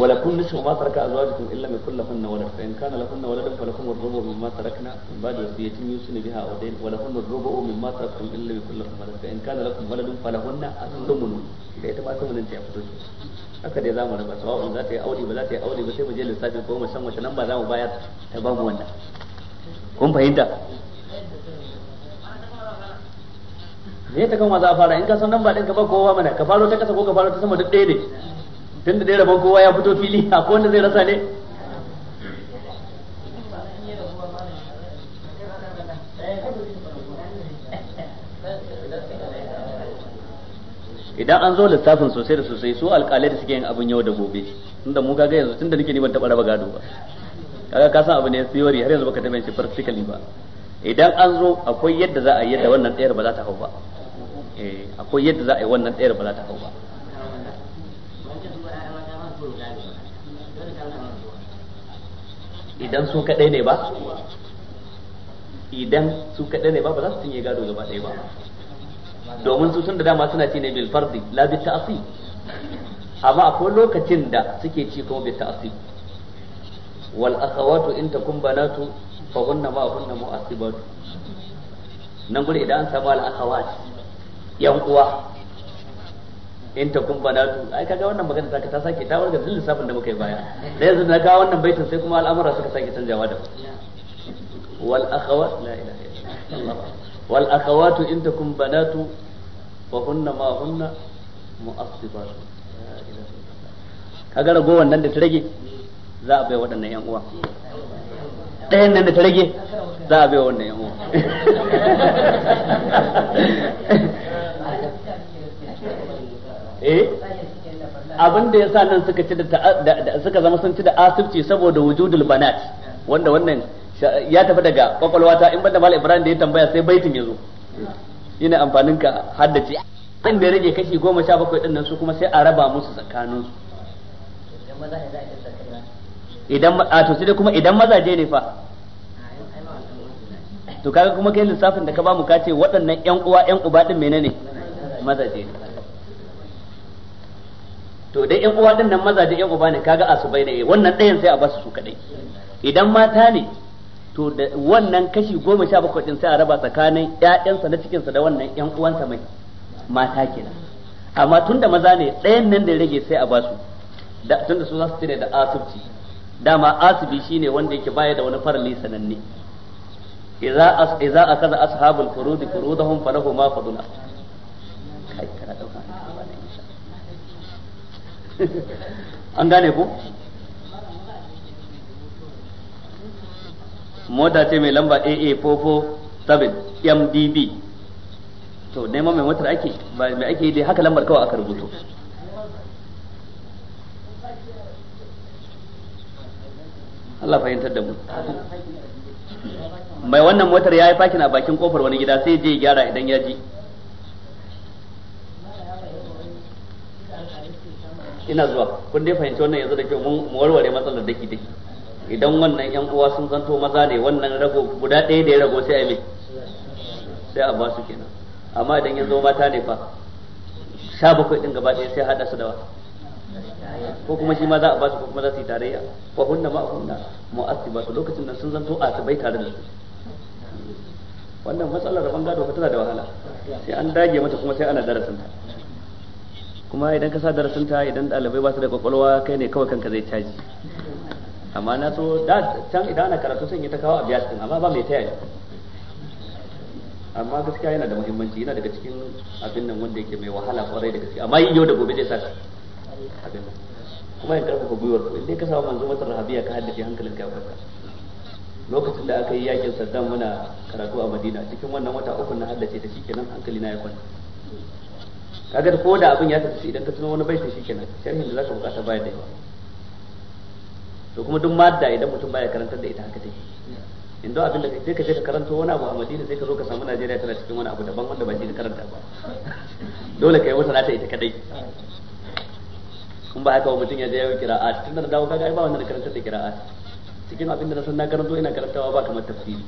wala kun nisu ma taraka azwajukum illa min kullu hunna walad fa in kana lahunna waladun lakum ar-rubu mimma tarakna min ba'di wasiyatin yusina biha aw dayn wala hunna ar-rubu mimma taraktum illa min kullu hunna walad fa in kana lakum waladun lahunna as-thumnu da ita ma thumnin ta fito kenan haka dai zamu raba sawa'un za ta yi aure ba za ta yi aure ba sai mu je lissafi ko mu san wace nan ba za mu bayar ta ba mu wannan kun fahimta me ta kan za a fara in ka san nan ba ɗin ka ba kowa mana ka faro ta kasa ko ka faro ta sama duk ɗaya ne tunda dai rabon kowa ya fito fili akwai wanda zai rasa ne idan an zo lissafin sosai da sosai su alƙalai da suke yin abin yau da gobe tunda mu ga yanzu tunda nake ni ban taɓa raba gado ba kaga ka san abu ne theory har yanzu baka taɓa shi practically ba idan an zo akwai yadda za a yi yadda wannan tsayar ba za ta hau ba eh akwai yadda za a yi wannan tsayar ba za ta hau ba idan su kadai ne ba idan su kadai ne ba ba za su cinye gado gaba ɗaya ba domin su tun da dama suna ci ne bil fardi la bi ta'sib amma akwai lokacin da suke ci kuma bi ta'sib wal akhawatu in takum banatu fa hunna ma hunna mu'assibatu nan gure idan an samu al akhawat yan uwa in ta kun banatu ai kaga wannan magana ta ta sake ta warga dillin lissafin da muka yi baya da yanzu na ga wannan baitin sai kuma al'amura suka sake canjawa da wal akhawat la ilaha illallah wal إن in بنات banatu ما هن ma kaga ragowar nan da ta rage za a bai waɗannan yan uwa ɗayan nan da ta rage za a bai wannan yan uwa eh abin da yasa nan suka ci da suka zama sun ci da asibci saboda wujudul banat wanda wannan ya tafi daga kwakwalwata in banda mala ibrahim da ya tambaya sai baitin ya zo ina amfanin ka haddace din da rage kashi goma sha bakwai din nan su kuma sai a raba musu tsakanin su idan a to sai kuma idan mazaje ne fa to kaga kuma kai lissafin da ka bamu ka ce waɗannan ƴan uwa ƴan uba din menene mazaje ne to dai ƴan uwa din nan mazaje ƴan uba ne kaga asubai ne wannan ɗayan sai a basu su kadai idan mata ne to da wannan kashi goma sha bakwai din sai a raba tsakanin ƴaƴansa na cikinsa da wannan ƴan uwansa mai mata kenan amma tun da maza ne ɗayan nan da rage sai a ba su da da su za su tire da asibiti. dama asibi shine wanda yake baya da wani farali sananne idza idza akaza ashabul furudi furudahum falahu ma an gane ko mota ce mai lamba AA447 MDB to nema mai motar ake ba mai ake dai haka lambar kawai aka rubuto Allah fahimtar da mu mai wannan motar ya yi fakin a bakin kofar wani gida sai je gyara idan ya ji ina zuwa kun dai fahimci wannan yanzu da kyau mun warware matsalar daki daki idan wannan yan uwa sun zanto maza ne wannan rago guda ɗaya da ya rago sai a mai sai a ba su kenan amma idan yanzu mata ne fa sha bakwai din gaba ɗaya sai haɗa su da ko kuma shi ma za a ba su ko kuma za su yi tarayya ko hunna ma hunna mu'assiba su lokacin da sun zanto a su bai tare da su wannan matsalar rabon gado fa tana da wahala sai an dage mata kuma sai ana darasin ta kuma idan ka sa darasin ta idan ɗalibai ba su da kwakwalwa kai ne kawai kanka zai caji amma na so da can idan ana karatu sun yi ta kawo abiyat din amma ba mai taya amma gaskiya yana da muhimmanci yana daga cikin abin nan wanda yake mai wahala kwarai da gaske amma yin yau da gobe zai sa abin nan kuma in karfafa gwiwar ku in ka samu manzo wata rahabiya ka haddace hankalin ka farka lokacin da aka yi yakin Saddam muna karatu a Madina cikin wannan wata uku na haddace ta shikenan hankali na ya kwanta kaga ko da abin ya tafi idan ka tuno wani baiti shikenan sharhin da zaka bukata bayan da yawa to kuma duk madda idan mutum baya karantar da ita haka take in don abin da sai ka je ka karanto wani abu a Madina sai ka zo ka samu Najeriya tana cikin wani abu daban wanda ba shi karanta ba dole ka yi wata nata ita kadai kuma ba haka wa mutum ya je ya yi kira'at tun da dawo kaga ai ba wanda na karanta da kira'a cikin abin da na san na karanto ina karantawa ba kamar tafsiri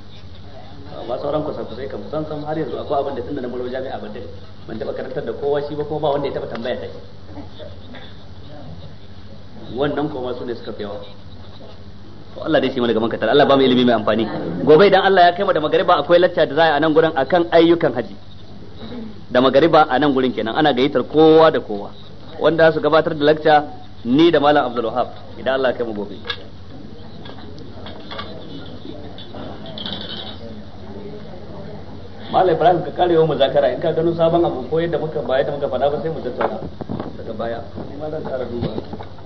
ba sauran kusa-kusai kam san san har yanzu akwai abin da tunda na muro jami'a ba dai ban taba karantar da kowa shi ba kuma ba wanda ya taba tambaya ta wannan kuma su ne suka fi yawa to Allah dai shi mana gaban katar Allah ba mu ilimi mai amfani gobe idan Allah ya kai mu da magariba akwai lacca da za a a nan gurin akan ayyukan haji da magariba a nan gurin kenan ana gayyatar kowa da kowa wanda su gabatar da lacca ni da malam Abdul Wahab idan Allah ya kai mu gobe Malam Ibrahim ka kare wa muzakara in ka gano sabon abu ko yadda muka ba da muka faɗa ba sai mu tattauna daga baya ni ma zan duba